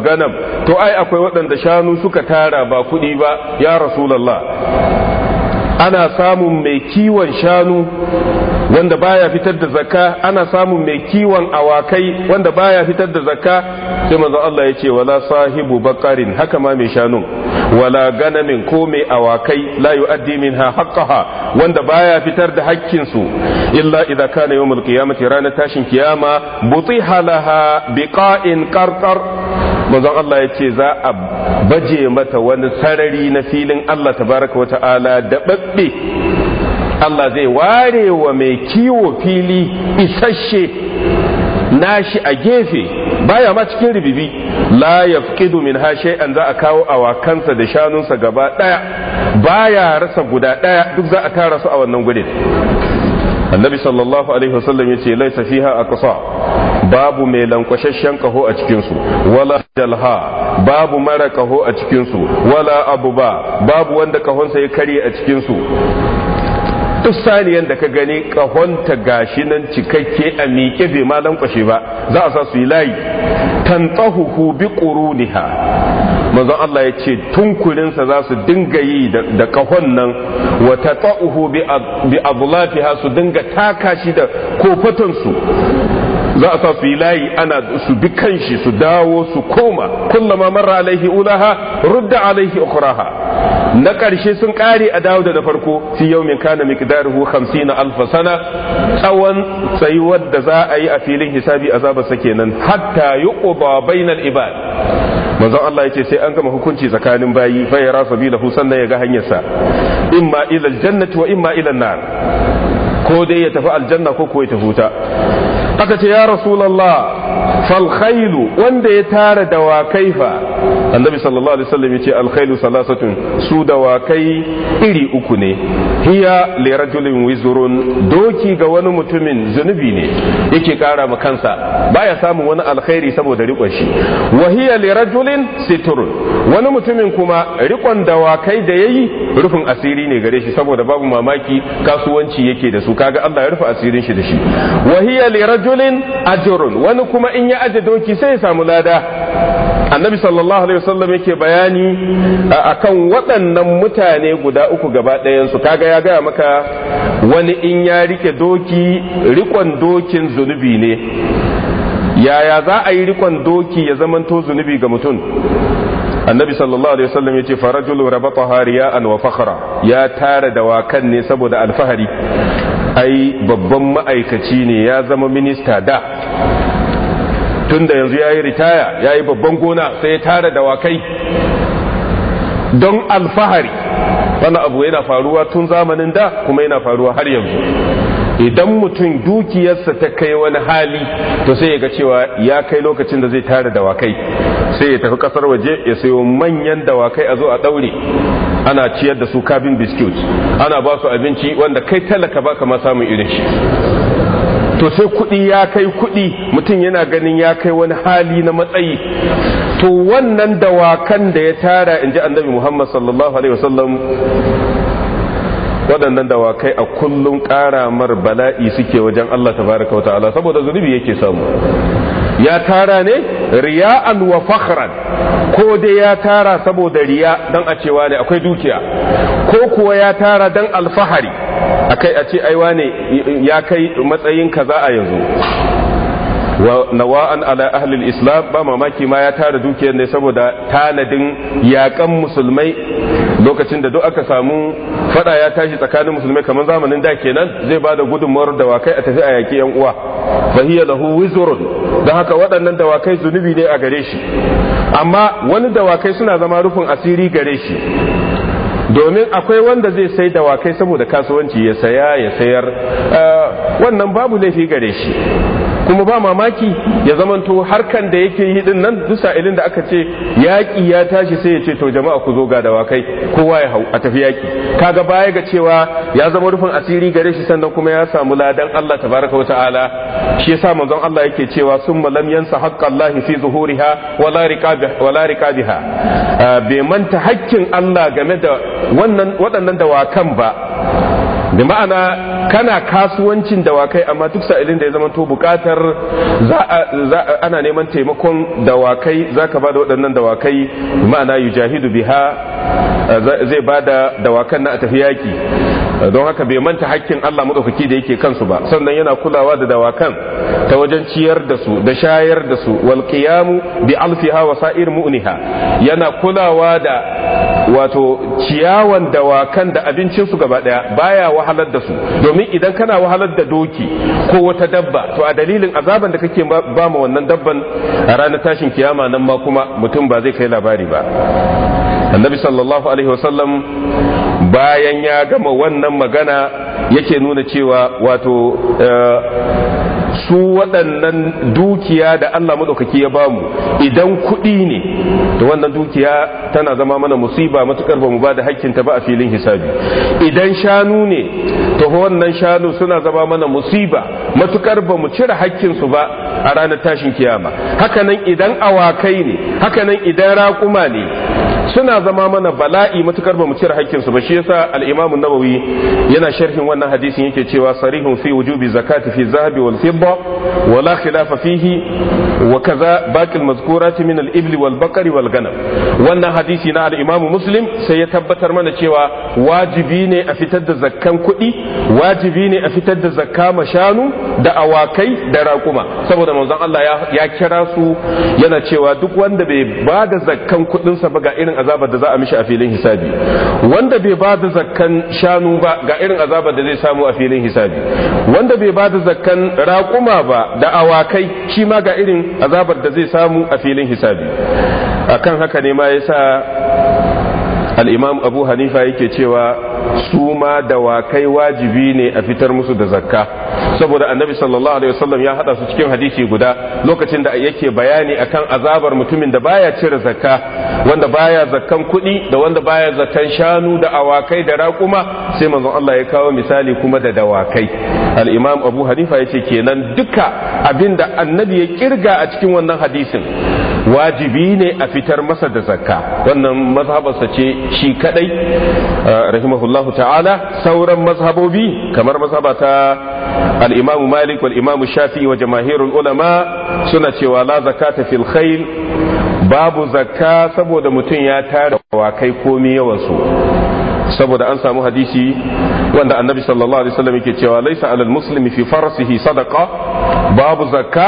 to ai akwai waɗanda shanu suka tara ba kuɗi ba ya rasulullah ana samun mai kiwon shanu wanda baya fitar da zakka ana samun mai kiwon awakai wanda baya fitar da zakka sai manzo Allah ya ce wala sahibu baqarin haka ma mai shanu wala ganamin ko mai awakai la yu'addi minha haqqaha wanda baya fitar da hakkin su illa idza kana yawmul qiyamati ranar tashin kiyama butiha halaha, biqa'in qarqar manzon Allah ya ce za a baje mata wani sarari na filin Allah tabaraka wa ta'ala da babbe Allah zai ware wa mai kiwo fili isasshe nashi a gefe baya ma cikin ribibi la yafqidu min ha shay'an za a kawo awakansa da shanunsa gaba daya baya rasa guda daya duk za a tara su a wannan gudun annabi sallallahu alaihi wasallam ya ce laisa fiha aqsa babu mai lankwashashen kaho a cikinsu wala dalha babu mara kaho a cikinsu wala abu ba babu wanda kahonsa ya karye a cikinsu duk saniyan da ka gani kahonta gashi nan cikakke a miƙe bai ma lankwashe ba za a sa su yi layi tantahuhu bi quruniha manzon Allah ya ce tunkurinsa za su dinga yi da kahon nan wata tata'uhu bi adlafiha su dinga taka shi da kofatansu za a sa su yi layi ana su bi kan shi su dawo su koma kullama marra alaihi ulaha rudda alaihi ukhraha na ƙarshe sun ƙare a dawo da na farko fi yau min kana miqdaruhu 50 alf sana tsawon tsayuwar da za a yi a filin hisabi azaba sa kenan hatta yuqda bainal ibad manzon Allah ce sai an gama hukunci tsakanin bayi fa yara sabilahu sannan ya ga hanyarsa imma ila aljannati wa imma ila nar ko dai ya tafi aljanna ko ko ya tafi wuta aka ce ya rasulallah falkhailu wanda ya tara dawakai fa annabi sallallahu alaihi wasallam yace alkhailu salasatun su da dawakai iri uku ne hiya li rajulin wizrun doki ga wani mutumin zunubi ne yake kara ma kansa baya samun wani alkhairi saboda rikon shi wa hiya li rajulin siturun wani mutumin kuma rikon dawakai da yayi rufin asiri ne gare shi saboda babu mamaki kasuwanci yake da su kaga Allah ya rufe asirin shi da shi wa hiya li rajulin ajrun wani kuma in ya aje doki sai ya samu lada annabi sallallahu alaihi wasallam yake bayani akan waɗannan mutane guda uku gaba ɗayansu kaga ya gaya maka wani in ya rike doki rikon dokin zunubi ne yaya za a yi rikon doki ya zamanto zunubi ga mutum annabi sallallahu alaihi wasallam yace farajulu rabata hariya'an wa fakhra ya tara dawakan ne saboda alfahari ai babban ma'aikaci ne ya zama minista da tun da yanzu ya yi ritaya ya yi babban gona sai ya tara dawakai don alfahari wani abu yana faruwa tun zamanin da kuma yana faruwa har yanzu idan mutum dukiyarsa ta kai wani hali to sai ya ga cewa ya kai lokacin da zai tara dawakai sai ya tafi kasar waje ya sayo manyan dawakai a zo a daure ana ciyar da su kabin biskut ana ba su abinci wanda kai talaka ba kama samun irin shi to sai kudi ya kai kudi mutum yana ganin ya kai wani hali na matsayi to wannan dawakan da ya tara in ji annabi muhammad sallallahu alaihi wasallam waɗannan dawakai a kullum ƙaramar bala'i suke wajen Allah tabaraka wa ta'ala saboda zunubi yake samu ya tara ne riya'an wa fakhran ko dai ya tara saboda riya dan a cewa ne akwai dukiya ko kuwa ya tara dan alfahari akai a ce aiwa ne ya kai matsayin kaza a yanzu wa nawa'an ala ahlil islam ba mamaki ma ya tara dukiyar ne saboda tanadin yakan musulmai lokacin da duk aka samu fada ya tashi tsakanin musulmai kamar zamanin da kenan zai ba da gudunmuwar dawakai a tafi a yaki yan uwa fa hiya lahu wizrun dan haka waɗannan dawakai zunubi ne a gare shi amma wani dawakai suna zama rufin asiri gare shi domin akwai wanda zai sai dawakai saboda kasuwanci ya saya ya sayar eh, wannan babu laifi gare shi kuma ba mamaki ya zamanto harkan da yake yi din nan dusa ilin da aka ce yaƙi ya tashi sai ya ce to jama'a ku zo ga dawakai kowa ya hau a tafi yaƙi kaga baya ga cewa ya zama rufin asiri gare shi sannan kuma ya samu ladan Allah tabaraka wa ta'ala shi yasa manzon Allah yake cewa summa lam yansa Allah fi zuhuriha wala riqabiha wala riqabiha ah, bai manta haƙƙin Allah game da wannan waɗannan dawakan ba da ma'ana kana kasuwancin dawakai amma duk sa'ilin da ya zama to bukatar ana neman taimakon dawakai za ka ba da waɗannan dawakai ma'ana yujahidu biha eh, zai ba da dawakan na a tafi yaƙi. don haka bai manta hakkin Allah madaukaki da yake kansu ba sannan yana kulawa da dawakan ta wajen ciyar da su da shayar da su wal qiyamu bi alfiha wa sa'ir mu'niha yana kulawa da wato ciyawan dawakan da abincin su gaba daya baya wahalar da su domin idan kana wahalar da doki ko wata dabba to a dalilin azaban da kake ba ma wannan dabban a ranar tashin kiyama nan ma kuma mutum ba zai kai labari ba annabi sallallahu alaihi wasallam bayan ya gama wannan magana yake nuna cewa wato eh, su waɗannan dukiya da Allah maɗaukaki ya bamu idan kuɗi ne da wannan dukiya tana zama mana musiba matuƙar ba mu ba da hakinta ba a filin hisabi idan shanu ne ta wannan shanu suna zama mana musiba matuƙar ba mu cire su ba a ranar tashin kiyama hakanan idan awakai ne hakanan idan raƙuma ne suna zama mana bala'i matukar ba mu cire hakkin su ba shi yasa al-Imam nabawi yana sharhin wannan hadisin yake cewa sarihun fi wujubi zakati fi zahabi wal fidda wa la khilafa fihi wa kaza baqi min al-ibli wal baqari wal ganam wannan hadisi na al-Imam Muslim sai ya tabbatar mana cewa wajibi ne a fitar da zakkan kuɗi wajibi ne a fitar da zakka ma shanu da awakai da raƙuma saboda manzon Allah ya kira su yana cewa duk wanda bai ba da zakkan kuɗinsa ba ga irin irin azabar da za a mishi a filin hisabi wanda bai ba da zakkan shanu ba ga irin azabar da zai samu a filin hisabi wanda bai ba da zakkan raƙuma ba da awakai shi ma ga irin azabar da zai samu a filin hisabi akan haka ne ma yasa al-imam abu hanifa yake cewa su ma dawakai wajibi ne a fitar musu da zakka saboda annabi sallallahu alaihi wasallam ya hada su cikin hadisi guda lokacin da yake bayani akan azabar mutumin da baya cire zakka wanda baya zakkan kuɗi da wanda baya zakkan shanu da awakai da raƙuma sai manzon Allah ya kawo misali kuma da dawakai al-imam Abu Hanifa yace kenan duka abinda annabi ya kirga a cikin wannan hadisin wajibi ne a fitar masa da zakka wannan mazhabarsa ce shi kadai uh, rahimahullahu ta'ala sauran mazhabobi kamar mazhaba ta al-imamu malik wal imamu shafi'i wa jamahirul ulama suna cewa la zakata fil khayl babu zakka saboda mutum ya tara kai komi yawansu saboda an samu hadisi wanda annabi sallallahu alaihi wasallam yake cewa laisa alal muslimi fi farsihi sadaqa babu zakka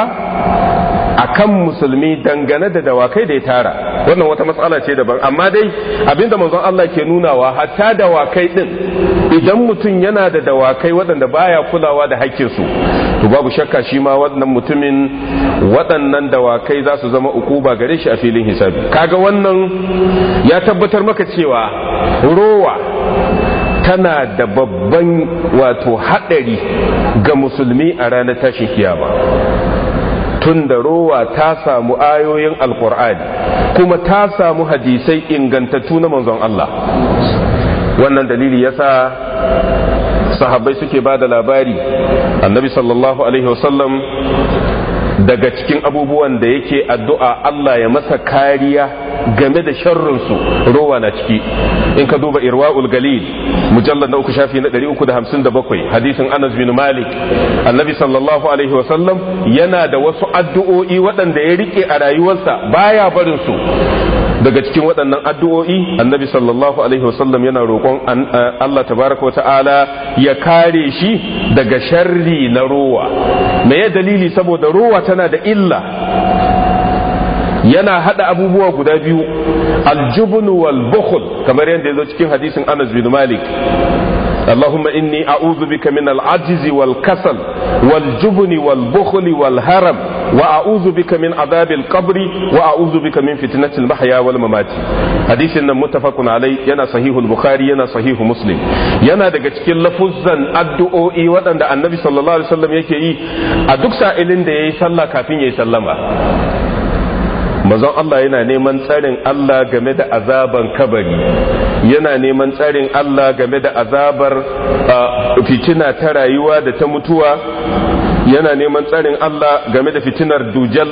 a kan musulmi dangane da dawakai da ya tara wannan wata matsala ce daban amma dai abinda manzon Allah ke nunawa hatta dawakai din idan mutum yana da dawakai waɗanda baya kulawa da haƙƙinsu to babu shakka shi ma wannan mutumin waɗannan dawakai za su zama ukuba gare shi a filin hisabi kaga wannan ya tabbatar maka cewa rowa tana da babban wato haɗari ga musulmi a ranar tashin kiyama tun da rowa ta samu ayoyin alkur'ani kuma ta samu hadisai ingantattu na manzon Allah wannan dalili yasa sahabbai suke ba da labari annabi sallallahu alaihi wasallam daga cikin abubuwan da yake addu'a Allah ya masa kariya game da sharrinsu rowa na ciki in ka duba irwa'ul galil mujallar na uku shafi na 357 hadisin anas bin malik annabi sallallahu alaihi wasallam yana da wasu addu'o'i waɗanda ya rike a rayuwarsa baya barin su daga cikin waɗannan addu'o'i annabi sallallahu alaihi wasallam yana roƙon Allah tabaraka wata'ala ya kare shi daga sharri na rowa me ya dalili saboda rowa tana da illa yana hada abubuwa guda biyu aljubn wal bukhl kamar yadda ya zo cikin hadisin Anas bin Malik اللهم إني أعوذ بك من العجز والكسل والجبن والبخل والهرم wa a'udhu bika min azabil qabri wa a'udhu bika min fitnatil mahya wal mamati hadisin nan muttafaqun alai yana sahihu bukhari yana sahihu muslim yana daga cikin lafuzzan addu'o'i waɗanda annabi sallallahu alaihi wasallam yake yi a duk sa'ilin da yayi sallah kafin yayi sallama mazan Allah yana neman tsarin Allah game da azaban kabari yana neman tsarin Allah game da azabar ah, fitina ta rayuwa da ta mutuwa yana neman tsarin Allah game da fitinar dujal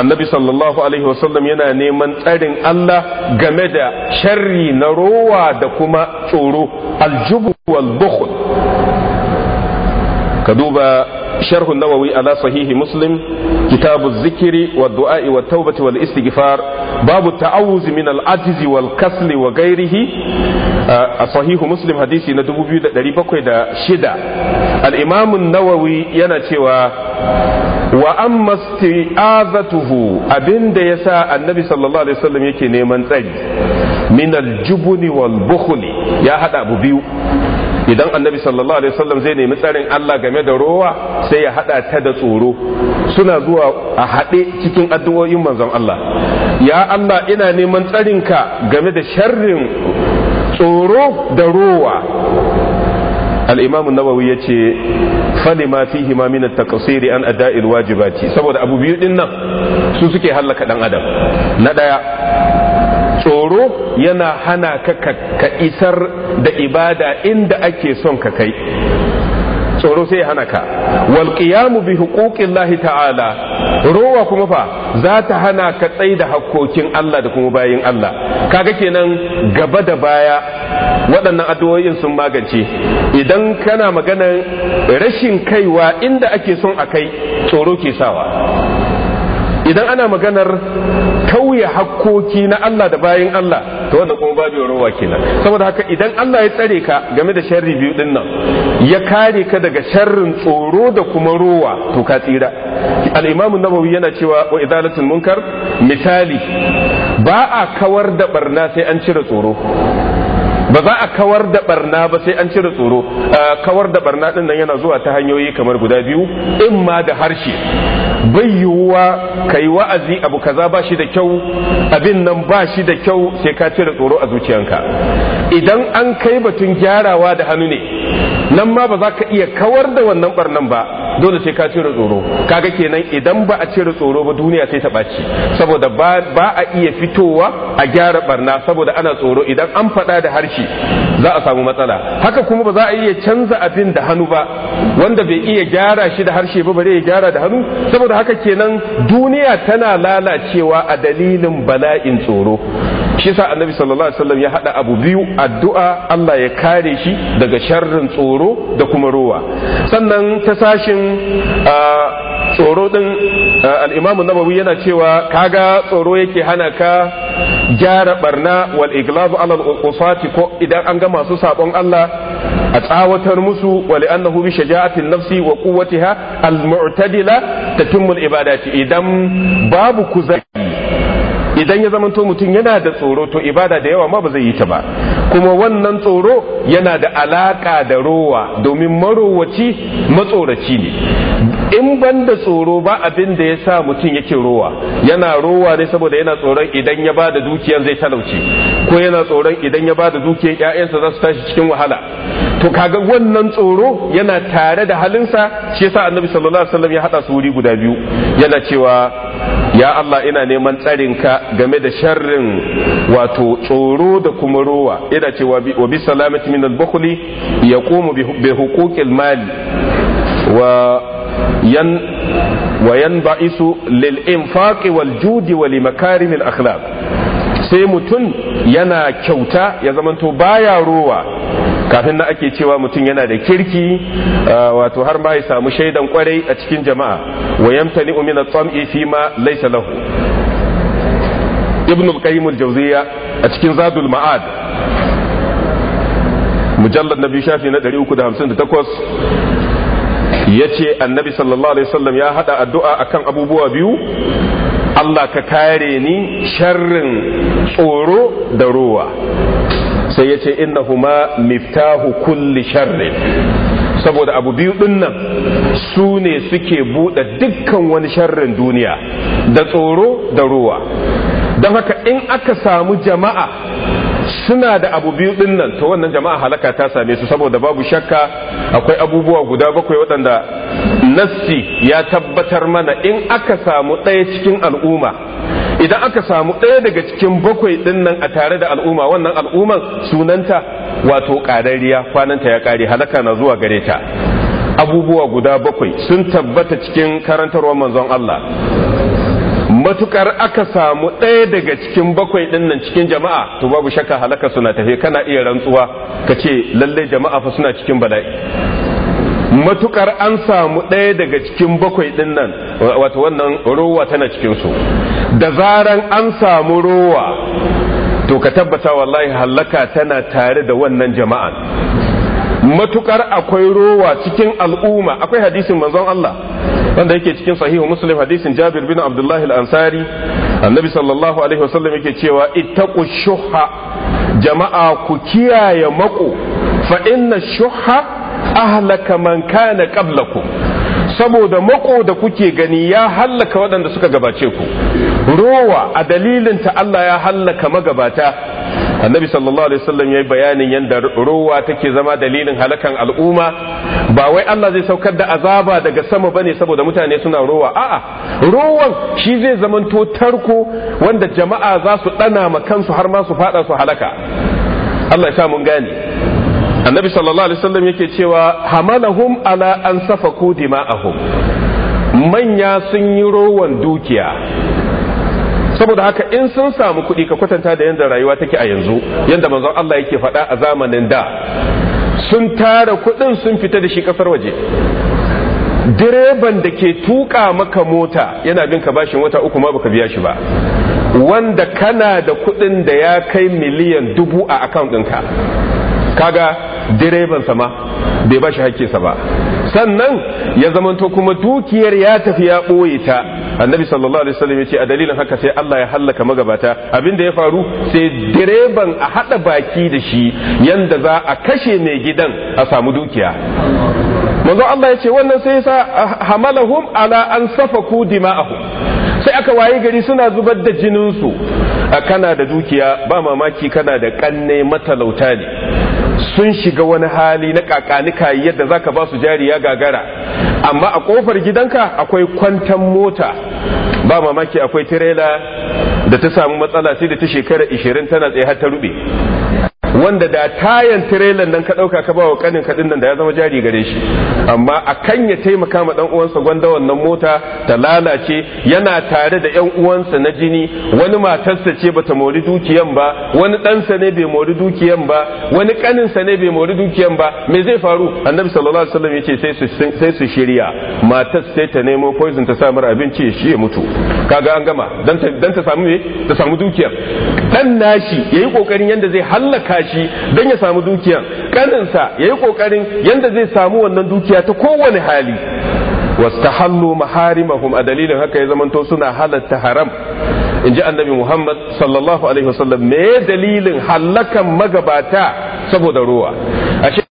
annabi sallallahu alaihi wasallam yana neman tsarin Allah game da sharri na rowa da kuma tsoro aljubu wal bukhl ka duba sharh an-nawawi ala sahihi muslim kitab zikiri zikri wa du'a wa tawbati wal istighfar babu ta'awuz min al-ajz wal kasl wa ghairihi a sahihu muslim hadisi na 2706 al-imam an-nawawi yana cewa wa amma isti'azatuhu abinda yasa annabi sallallahu alaihi wasallam yake neman tsari min al-jubni wal bukhli ya hada abu biyu idan annabi sallallahu alaihi wasallam zai nemi tsarin Allah game da rowa sai ya hada ta da tsoro suna zuwa a haɗe cikin addu'o'in manzon Allah ya Allah ina neman tsarinka game da sharrin tsoro da rowa Al'imamin nawawi ya ce fali ma fi himamina ta kasiri an ada'il wajibati saboda abu biyu din nan su suke hallaka dan adam na ɗaya tsoro yana hana ka ka isar da ibada inda ake son ka kai tsoro sai ya hana ka Walƙiyamu bi bi lahi ta'ala rowa kuma fa za ta hana ka tsai da hakokin Allah da kuma bayin Allah kaga kenan gaba da baya waɗannan addu'o'in sun magance idan kana maganar rashin kaiwa inda ake son a kai tsoro ke sawa idan ana maganar kauye hakkoki na Allah da bayin Allah to wanda kuma babu rowa kenan saboda haka idan Allah ya tsare ka game da sharri biyu din nan ya kare ka daga sharrin tsoro da kuma rowa to ka tsira al-Imam an-Nawawi yana cewa wa idalatul munkar misali ba a kawar da barna sai an cire tsoro ba za a kawar da barna ba sai an cire tsoro kawar da barna din nan yana zuwa ta hanyoyi kamar guda biyu in ma da harshe bai yiwuwa ka yi wa'azi abu kaza ba shi da kyau abin nan ba shi da kyau sai ka cire tsoro a zuciyanka idan an kai batun gyarawa da hannu ne nan ma ba za ka iya kawar da wannan barnan ba dole sai ka cire tsoro kaga kenan idan ba a cire tsoro ba duniya sai ta ɓaci saboda ba a iya fitowa a gyara barna saboda ana tsoro idan an faɗa da harshe za a samu matsala haka kuma ba za a iya canza abin da hannu ba wanda bai iya gyara shi da harshe ba bare ya gyara da hannu saboda haka kenan duniya tana lalacewa a dalilin bala'in tsoro shi sa annabi sallallahu alaihi wasallam ya hada abu biyu addu'a Allah ya kare shi daga sharrin tsoro da kuma rowa sannan ta sashin ah, tsoro din al-Imam yana cewa kaga tsoro yake hana ka gyara barna wal iglab alal usati ko idan an ga masu sabon Allah a tsawatar musu wa li'annahu bi shaja'atin nafsi wa quwwatiha al-mu'tadila tatimmu al-ibadati idan babu kuzari idan ya zamanto mutum yana da tsoro to ibada da yawa ma ba zai yi ta ba kuma wannan tsoro yana da alaka da rowa domin marowaci matsoraci ne in ban da tsoro ba abin da ya sa mutum yake rowa yana rowa ne saboda yana tsoron idan ya ba da dukiyan zai talauce ko yana tsoron idan ya ba da dukiyan ƴaƴansa za su tashi cikin wahala to kaga wannan tsoro yana tare da halinsa shi yasa annabi sallallahu alaihi wasallam ya hada su wuri guda biyu yana cewa ya Allah ina neman tsarin ka. game da sharrin wato tsoro da kuma rowa ina ce wa bi salamati min al-bukhli yaqumu bi huquqil mali wa yan wa yanba'isu lil wal judi wa li makarimil akhlaq sai mutum yana kyauta ya zamanto baya rowa kafin na ake cewa mutum yana da kirki wato har ma ya samu shaidan kwarai a cikin jama'a wa yamtani min at fi ma laysa lahu ibn al-qayyim al-jawziya a cikin zadul ma'ad mujallad nabi shafi na 358 yace annabi sallallahu alaihi wasallam ya hada addu'a akan abubuwa biyu Allah ka kare ni sharrin tsoro da ruwa sai yace innahuma miftahu kulli sharrin saboda abu biyu nan su ne suke buɗe dukkan wani sharrin duniya da tsoro da ruwa don haka in aka samu jama'a suna da abu biyu din nan to wannan jama'a halaka ta same su saboda babu shakka akwai abubuwa guda bakwai waɗanda nassi ya tabbatar mana in aka samu ɗaya cikin al'umma idan aka samu ɗaya daga cikin bakwai din nan a tare da al'umma wannan al'umman sunanta wato ƙarariya kwananta ya ƙare halaka na zuwa gare ta abubuwa guda bakwai sun tabbata cikin karantarwar manzon Allah matukar aka samu ɗaya daga cikin bakwai ɗin nan cikin jama'a to babu shakka halaka suna tafe kana iya rantsuwa ka ce lalle jama'a fa suna cikin bala'i matukar an samu ɗaya daga cikin bakwai ɗin nan wato wannan rowa tana cikinsu da zaran an samu rowa to ka tabbata wallahi halaka tana tare da wannan jama'a matukar akwai rowa cikin al'umma akwai hadisin manzon Allah wanda yake cikin sahihu muslim hadisin jabir bin abdullah al-ansari annabi sallallahu alaihi wasallam yake cewa ittaqu shuhha jama'a ku kiyaye mako fa inna shuhha ahlaka man kana qablakum saboda mako da kuke gani ya hallaka waɗanda suka gabace ku rowa a dalilin ta Allah ya hallaka magabata annabi sallallahu alaihi wasallam yayi bayanin yadda ruwa take zama dalilin halakan al'umma ba wai Allah zai saukar da azaba daga sama bane saboda mutane suna ruwa a'a ruwan shi zai zamanto tarko wanda jama'a za su dana ma kansu har ma su fada su halaka Allah ya sa mun gane annabi sallallahu alaihi wasallam yake cewa hamalahum ala an safaku dima'ahum manya sun yi rowan dukiya saboda haka in sun samu kuɗi ka kwatanta da yadda rayuwa take a yanzu yadda manzon Allah yake faɗa a zamanin da sun tara kuɗin sun fita da shi ƙasar waje direban da ke tuƙa maka mota yana bin ka bashin wata uku ma baka biya shi ba wanda kana da kuɗin da ya kai miliyan dubu a akaunt ɗinka kaga direban sama bai bashi hakkinsa ba sannan ya zamanto kuma dukiyar ya tafi ya ɓoye ta annabi sallallahu alaihi wasallam ya ce a dalilin haka sai Allah ya hallaka magabata abin da ya faru sai direban a haɗa baki da shi yanda za a kashe mai gidan a samu dukiya manzo Allah ya ce wannan sai sa hamalahum ala an safaku dima'ahum sai aka waye gari suna zubar da jinin su kana da dukiya ba mamaki kana da kanne matalauta ne sun shiga wani hali na kakanika yadda zaka ba su jari ya gagara amma a kofar gidanka akwai kwantan mota ba mamaki akwai tirela da ta samu matsala sai da ta shekara 20 tana tsaye har ta rube wanda da tayan tirelan nan ka dauka ka bawa kanin kadin nan da ya zama jari gare shi amma akan ya taimaka ma dan uwansa gwanda wannan mota ta lalace yana tare da yan uwansa na jini wani matarsa ce bata mori dukiyan ba wani ɗansa ne bai mori dukiyan ba wani sa ne bai mori dukiyan ba me zai faru annabi sallallahu alaihi wasallam yace sai su sai su shirya matar sai ta nemo poison ta samar abinci shi ya mutu kaga an gama dan ta samu me ta samu dukiyar dan nashi yayi kokarin yanda zai hallaka shi don ya samu dukiyan kaninsa ya yi ƙoƙarin yadda zai samu wannan dukiya ta kowane hali wastahallu maharimahum a dalilin haka ya zamanto suna halatta haram in ji annabi muhammad sallallahu alaihi wasallam me dalilin hallakan magabata saboda ruwa